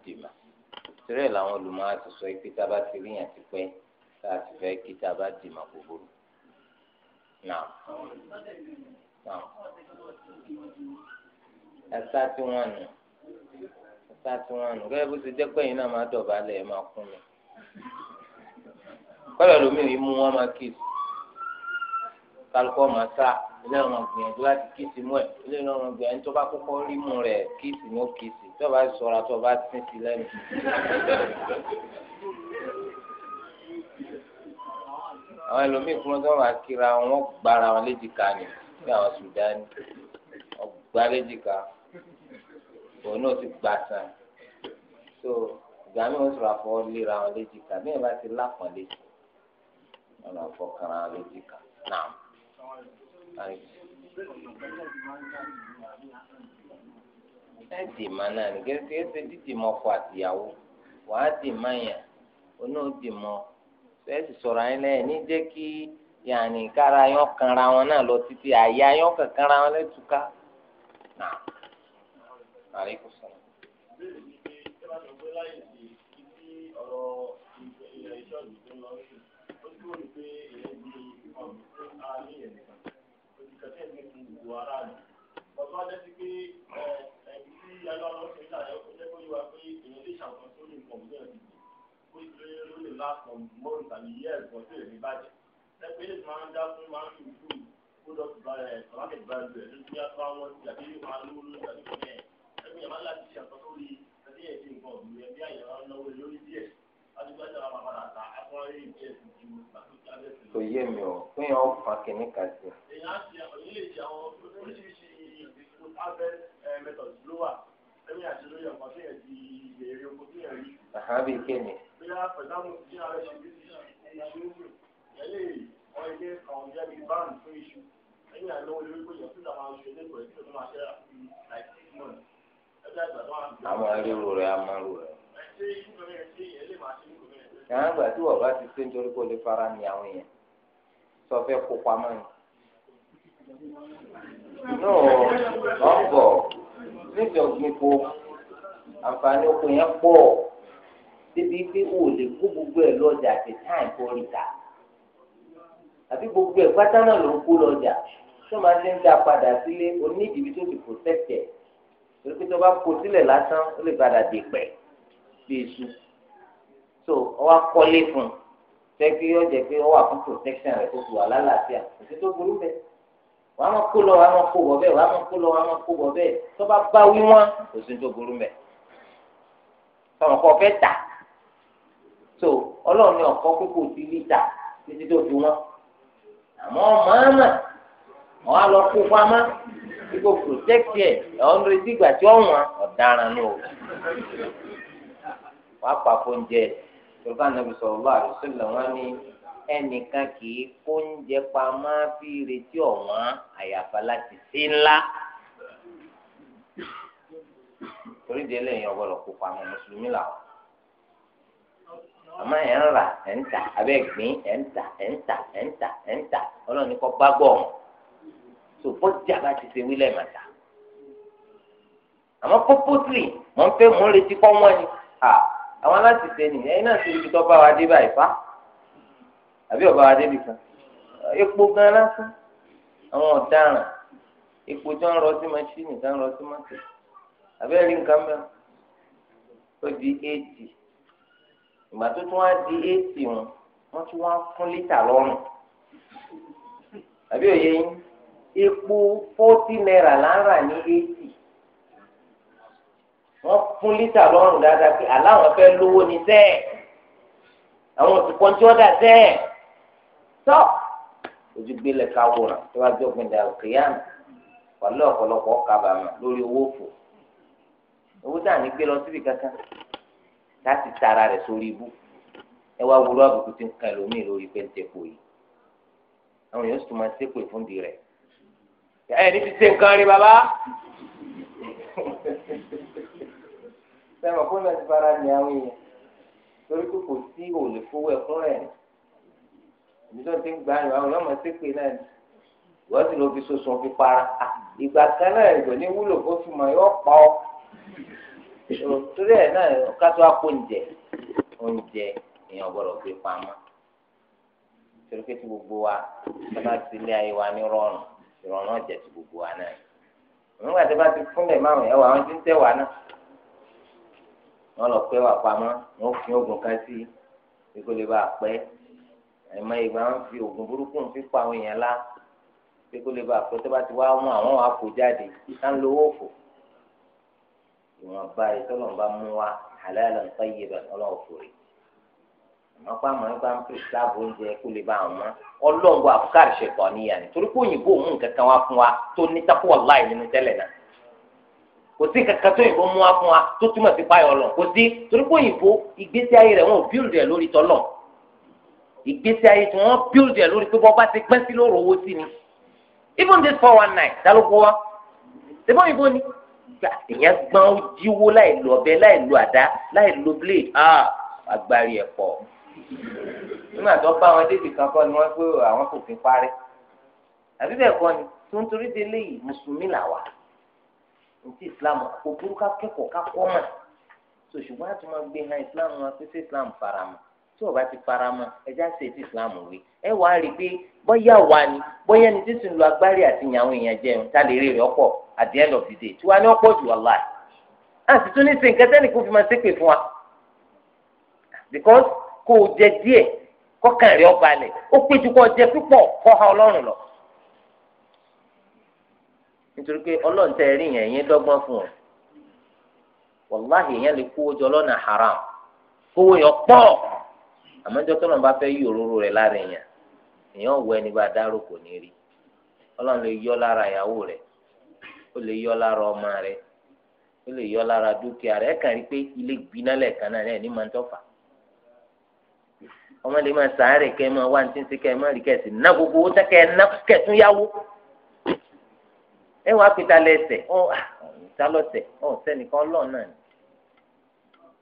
A: ti làwọn olùmọ̀ àti sọ ti rí yàn ti pẹ́ a fẹ́ kí a kò burú. náà náà ẹsá tí wọn nù ẹsá tí wọn nù gẹ́gẹ́ bó ti jẹ́ pé ẹ̀yin náà máa dọ̀bálẹ̀ ẹ máa kún mi kọlọ lómi yìí mú wọn máa kíìsì kálukọ máa sá ilé ọmọ gbìyànjú láti kíìsì mú ẹ ilé ọmọ gbìyànjú tó bá kọ́kọ́ rí mú rẹ kíìsì ní ó kíìsì tó bá ṣọ́ra tó bá sín sí lẹ́nu. àwọn ẹlòmíì fún ọjọ́ wà kíra wọn gbára wọn léjìká ni ní àwọn Sudani ọgbà léjìká òun náà ti gbà sàn so ìgbà mi wọn sọ̀rọ̀ àfọwọ́ léra wọn léjìká bí wọn bá ti lápọn léjì wọn lọ fọ kara wọn léjìká náà. ẹ dì má náà nìkẹ́ ṣe é ṣe dídì mọ́ ọkọ àtìyàwó wàá dì má yẹn onáà dì mọ́ ọ tẹ́sí sọ̀rọ̀ ayé lẹ́yìn ní jẹ́ kí yàní kára yọ kanra wọn náà lọ títí àyà yọ kankanra wọn lẹ́tùká. Thank
B: ó ṣe ó lè last for months tàbí years kan tí èmi bàjẹ́ ẹgbẹ́ yìí máa ń dá fún máa ń lù fún product value market value ẹ̀ lójú ní apá wọn ti àbí máa lówó lórí àbí kò yẹn ẹgbẹ́ yẹn máa láti ṣe àtọ́ sórí ẹgbẹ́ yẹn yé mi o
A: fún yàn ó fa kínní kan sí.
B: èèyàn á ti àwọn ilé ìṣe àwọn oríṣiríṣi abẹ bóyá pẹ̀lámù tí ara ṣe bí ti ṣe iṣu ẹlẹ́yìí wọ́n ilé àwọn ìyá bíi báàmù fún iṣu ẹ̀yìn àìlówó lórí pé yẹn fúnra máa ń ṣe lẹ́kọ̀ọ́ ẹ̀ tí ó máa ṣẹ́ra fún like six months ẹgbẹ́ àgbà náà. àmọ́ ríro rẹ̀ á máa rò rẹ̀. ẹ ṣe ikú mẹ́rin ṣe yẹn tí
A: wọ́n bá ti ṣe nítorí kó lè fara ní àwọn yẹn sọ fẹ́ kó pamọ́ ni. nù ọ̀bọ̀ nítorí kó àǹfààní oko yẹn pọ̀ débi pé o lè kó gbogbo ẹ̀ lọ́jà àti táì kó rí ta àbí gbogbo ẹ̀ pátá náà ló ń kó lọ́jà tó máa ti ń dá padà sílé onídìbí tó ti protect ẹ̀ torí pé tó bá kó sílẹ̀ lásán ó lè padà dè pẹ̀ bí iṣu so ọwọ́ akọ́lé fún un fẹ́ kí yọ jẹ́ pé ọwọ́ àfún protection rẹ̀ tó fi wà lálàáfíà òsì tó burú bẹ́ẹ̀ wàá máa kó lọ wàá máa kó bọ̀ bẹ́ẹ̀ wàá máa kó lọ wàá máa kó bọ̀ bẹ́ẹ̀ tó bá bá wí wọ́n òsì tó burú bẹ́ẹ̀ tọmọkọ fẹ́ tà so ọlọ́run ní ọ̀kọ́ kókó sí lítà títí tó fi wọ́n àmọ́ wọ́n á lọ kó pamá tí kò protect ẹ̀ lọ́wọ́ retí ìgbà tí ọ̀wọ́n ọ̀daràn o wàá pàfó oúnjẹ yorùbá sọ̀rọ̀ bá ní ẹnìkan kì í kó oúnjẹ pamọ́ fi retí
B: àmọ́ ẹ̀ ń rà ẹ̀ ń tà abẹ́ gbìn
A: ẹ̀ ń tà ẹ̀ ń tà ẹ̀ ń tà ẹ̀ ń tà ọlọ́ọ̀ni kọ́ bá gbọ̀ ọ̀hún tó bọ́jà bá ti ṣe wílẹ̀ mà tà àmọ́ pọ́pọ́tìrì mọ̀ ń fẹ́ mọ̀ ń retí kọ́ wọ́n ni àwọn aláṣẹ ṣe ni ẹ̀yin náà ṣe ibi tó bá wa dé báyìí fa àbí ọba wa débi kan
B: epo gan lásán
A: àwọn ọ̀daràn epo tó ń rọ sí mọ́ṣíìnì tó ń rọ sí mọ́tò àbẹ́rẹ́ nǹkan mẹ́rin ó di éèjì ìgbà tó tún wá di eighty wọn wọ́n tún wá fún lítà lọ́rùn àbí òye yín
B: epo forty
A: naira là ń rà ní eighty wọ́n fún lítà lọ́rùn dáadáa pé aláwọn fẹ́ lówó ni sẹ́ẹ̀ àwọn òsìkò tí wọ́n dà sẹ́ẹ̀ tọ́ ojú gbélé káwòrán tó bá jọ gbẹ̀dẹ̀ àkèyàn pẹ̀lú ọ̀pọ̀lọpọ̀ kábàámà lórí owó fò owó tá à ní gbé lọ síbi kankan láti tara rẹ̀ sórí ibú ẹ wá wúlò àbùkù tí ń kan ẹlòmíì lórí péńtẹ́pò yìí àwọn èèyàn sì tún máa ń ṣépè fún di rẹ̀ ẹ ní ti ṣe nǹkan rí bàbá sẹ́wọ̀n fún ẹ̀sìn fara ni àwọn èèyàn torí pé kò sí òòlù fowó ẹ̀kún rẹ̀ ìdíjọ́ ti ń gbà yàn àwọn èèyàn máa ṣépè náà ìwọ́sìn ló fi soso fi para ìgbà kan náà ìgbò ní wúlò fóṣù mọ́ yóò pa ọ́ torí ẹ̀ náà ká tó apó oúnjẹ oúnjẹ èèyàn gbọ́dọ̀ gbé pamọ́ torí pé ti gbogbo wa sábà ti lé ayé wa ní rọrùn ìrọ̀rùn ọ̀jẹ̀ ti gbogbo wa náà òun gbàdé bá ti fúnlẹ̀ márùn ẹ̀wà àwọn tí ń tẹ̀wà náà wọ́n lọ pẹ́ wà pamọ́ wọ́n fi oògùn kan sí ìgò lè bá a pẹ́ ẹ̀mọ ìgbà wọn fi oògùn burúkú ń fi pa àwọn èèyàn lá ìgò lè bá a pẹ́ tó bá ti wá mú àwọn wà kó jáde ká ń lo owó fò ìwọ̀n báyìí tọ́lọ̀ bá mú wa halalan tayyiban ọlọ́wọ́ fòrè àmọ́ pa àmọ́ nípa ń pè sáàbù oúnjẹ kó lè bá àwọn ọlọ́ngbọ́ àfukárì ṣẹ̀tọ̀ níyà ni torí pé òyìnbó mú nǹkan kan wá fún wa tó ní tako wàláì nínú tẹ́lẹ̀ náà kò sí kankan tó yìnbó mú wá fún wa tó túmọ̀ sí páyọ̀ ọlọ́ kò sí torí pé òyìnbó ìgbésí ayé rẹ̀ wọn ò bíòlù rẹ̀ lórí tọ́lọ̀ ìgbésí ayé tí wọ́n bíòlù rẹ̀ lórí pé bọ́ bá ti pẹ́ sí lóru owó sí ni even this four one nine dálógún wa ṣe bọ́ òyìnbó ni èèyàn gbọ́n jíwó láì lo ọ̀bẹ láì lo àdá láì lo blade ah agbárí ẹ̀ pọ̀ nígbà tó bá wọn débi kan kọ́ ni wọ́n pé àwọn kò fi parẹ́ àbí bẹ́ẹ̀ kọ́ ni tó ń torí délé yìí mùsùlùmí làwà nítí ìsìlámù kò burú ká kẹ́kọ̀ọ́ ká kọ́ mọ̀ so ṣùgbọ́n àti máa gbé hàn ìsìlámù wọn pé sí ìsìlámù faramọ́ tí o bá ti fara mọ ẹjá ṣe ti islam wí ẹ wà rí i pé wà ní ní agbárí àti ìyàwó ìyàn jẹun tá lè rí rẹ ọ̀pọ̀ at the end of the day tí ní ọ̀pọ̀ jù ọlá because kò jẹ kọkàn rẹ ọba ó kọ jẹ kọ ha Ọlọ́run lọ nítorí pé tẹ rí yẹn yẹn fún ọ wàláhì yẹn lè kówó jọ haram kówó yẹn àmọ́jọ́ tó lọ́nà bá fẹ́ yí òróró rẹ̀ lára èèyàn èèyàn wọ ẹni bá dárò kò ní rí ọlọ́run lè yọ lára ìyàwó rẹ̀ ó lè yọ lára ọmọ rẹ̀ ó lè yọ lára dúkìá rẹ̀ ẹ̀kan rí pé ilé gbiná náà ní máa ń tọ́fà ọmọ lè máa sàárẹ̀ kẹ́ máa wá ní kẹ́ ẹ máa rí ná gbogbo owó ọ ìtálọ́sẹ̀ ọ sẹ́nìkan ọlọ́ọ̀ náà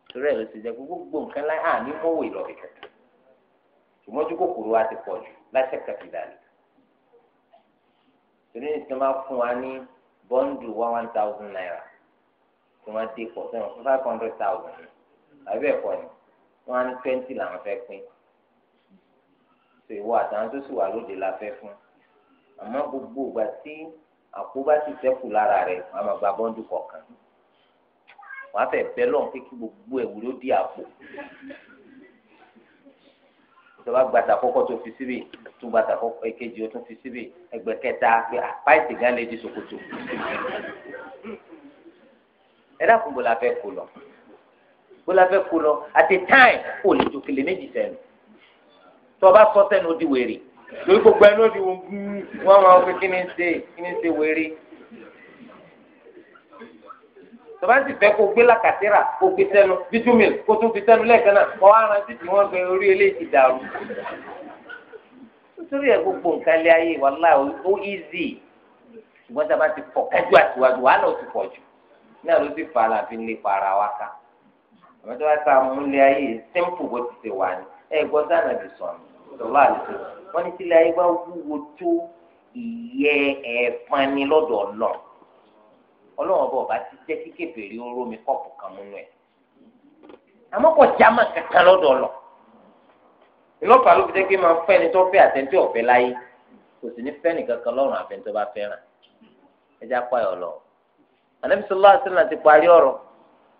A: torí ẹ̀ ló ti gbogbo nǹkan ìmọ̀jú kòkòrò wa ti pọ̀ jù láṣẹ kàkìdàlì torí ní sinimá fún wa ní bọ́ńdù wá one thousand naira tí wọ́n dé pọ̀ sẹ́wọ̀n five hundred thousand àbí ẹ̀kọ́ ni wọ́n á ní twenty làwọn fẹ́ pín so ìwọ àtàwọn tó sì wà lóde la fẹ́ fún àmọ́ gbogbo ìgbà tí àkóbá ti ṣẹ́kù lára rẹ̀ wọ́n á máa gba bọ́ńdù kọ̀ọ̀kan wọ́n á fẹ́ bẹ́ lọ́n pé gbogbo ẹ̀wù ló di àpò tọba gbàtà kọ́kọ́ tó fi síbi tún gbàtà kọ́kọ́ èkejì ó tún fi síbi ẹgbẹ́ kẹta pé àpáìtì ah, gan lè di ṣòkòtò ẹ dákun bó la fẹ́ kó lọ bó la fẹ́ kó lọ àti táì kò lè ju kìlè méjì sẹ́nu tọba sọ sẹ́nu ó di wèrè
B: lórí gbogbo ẹni ó di
A: wọn máa ń fi kí ni ṣe kí ni ṣe wèrè bàbá ń sì fẹ́ kó gbé làkàtìrà kó gbé sẹ́nu bítúmìl kó tó fi sẹ́nu lẹ́ẹ̀kan náà kọ́ wá rántí tí wọ́n gbé orí eléyìí ti dàrú. nítorí ẹ̀ gbogbo nǹkan lé ayé wàhálà ó ízì ṣùgbọ́n tá a bá ti pọ̀ kájú àtiwájú wàhálà ó ti pọ̀ jù náà ló ti fà á láfi lè para wa ká àmọ́ tó bá ta múlẹ̀ ayé simple bó ti ṣe wà ní ẹ̀ gbọ́ sáà wọ́n ní tílé ayé bá wúwo tó
B: ìyẹ́
A: ẹ̀ẹ́fọn ni lọ́dọ̀ náà ọlọ́wọ́n bọ̀ bá ti jẹ́ kí kébèrè oró mi kọ́pù kan mú ẹ̀ àmọ́ kò já má kankan lọ́dọ̀ lọ ìlọ́pàá ló fi jẹ́ kí máa fẹ́ ẹni tó fẹ́ àtẹ̀ǹtẹ̀ ọ̀fẹ́ láyé kò sì ní fẹ́ nìkan kan lọ́rùn àfẹ́ni tó bá fẹ́ràn ẹ já pa pààyàn lọ anabi sallallahu alaihi wasallam ti parí ọ̀rọ̀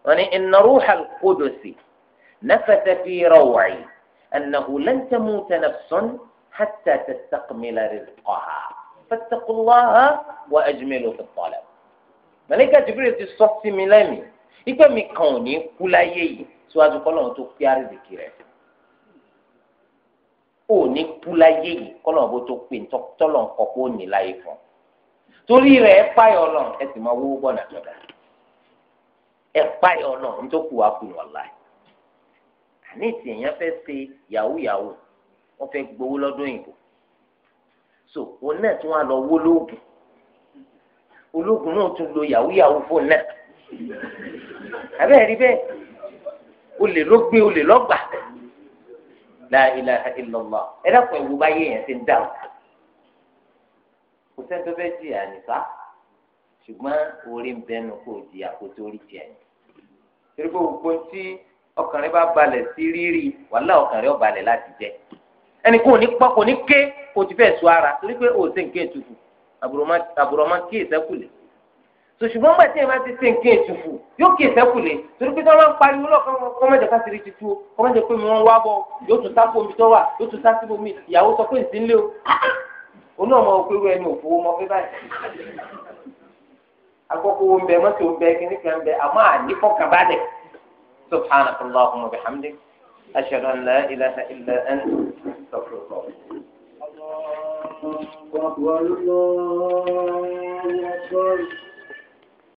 A: wọn ni inna ruhal sí nafatha fi raw'i annahu lan tamuta nafsun hatta tastaqmila rizqaha fattaqullaha wa ajmilu fi at-talab màlẹ́kà jibril ti sọ sí mi lẹ́mìí ipe mi kan ò ní kú láyé yìí síwájú kọ́lọ́run tó pé àrídìkì rẹ̀ ò ní kú láyé yìí kọ́lọ́run tó pé tọ́lọ̀ nǹkan kó ní láyé fún torí rẹ̀ ẹ páyọ̀ lọ ẹ sì máa wó bọ̀nà jọ̀dá ẹ páyọ̀ ọlọ́run tó kù wá kù àní èèyàn fẹ́ ṣe so òun náà tún ológun náà tún lo yahoo yahoo fóònù náà abẹ́rẹ́ rí bẹ́ẹ̀ olè ló gbé olè lọ́gbà la ilaha illallah ẹ dákun ẹ̀wù báyé yẹn ti ń dà o kò sẹ́ni tó fẹ́ jìyà nìfà ṣùgbọ́n orí ń bẹnu kò jìyà kó tó rí jẹ torí pé gbogbo tí ọkùnrin bá balẹ̀ sí rírì wàhálà ọkùnrin ó balẹ̀ láti jẹ ẹnì kò ní pọ́ kò ní ké kò ti fẹ́ sọ ara torí pé òsè ń ké àbùrọ̀mọ́ kí ìsẹ́kùlẹ̀ sòṣùgbọ́n gbà tí ẹ bá ti ṣe nǹkan ìtùfù yóò kí ìsẹ́kùlẹ̀ torí pé tí wọ́n bá ń pariwo lọ́kàn kọ́mọ́jà káṣírí ti tú o kọ́mọ́jà pé mi wọ́n wá bọ̀ yóò tún sá fún omi tó wà yóò tún sá síbò mi ìyàwó sọ pé ìsínlẹ̀ o onú ọmọ òkú ewu ẹni òfowó mọ fẹ́ báyìí akọ́kọ́ wo ń bẹ mọ́tò ń bẹ kíní kan ń bẹ àmọ́ àníkọ́ kan bá dẹ̀ subhanaka allahumma wa bihamdik ashhadu an la ilaha illa anta astaghfiruka
B: الله أكبر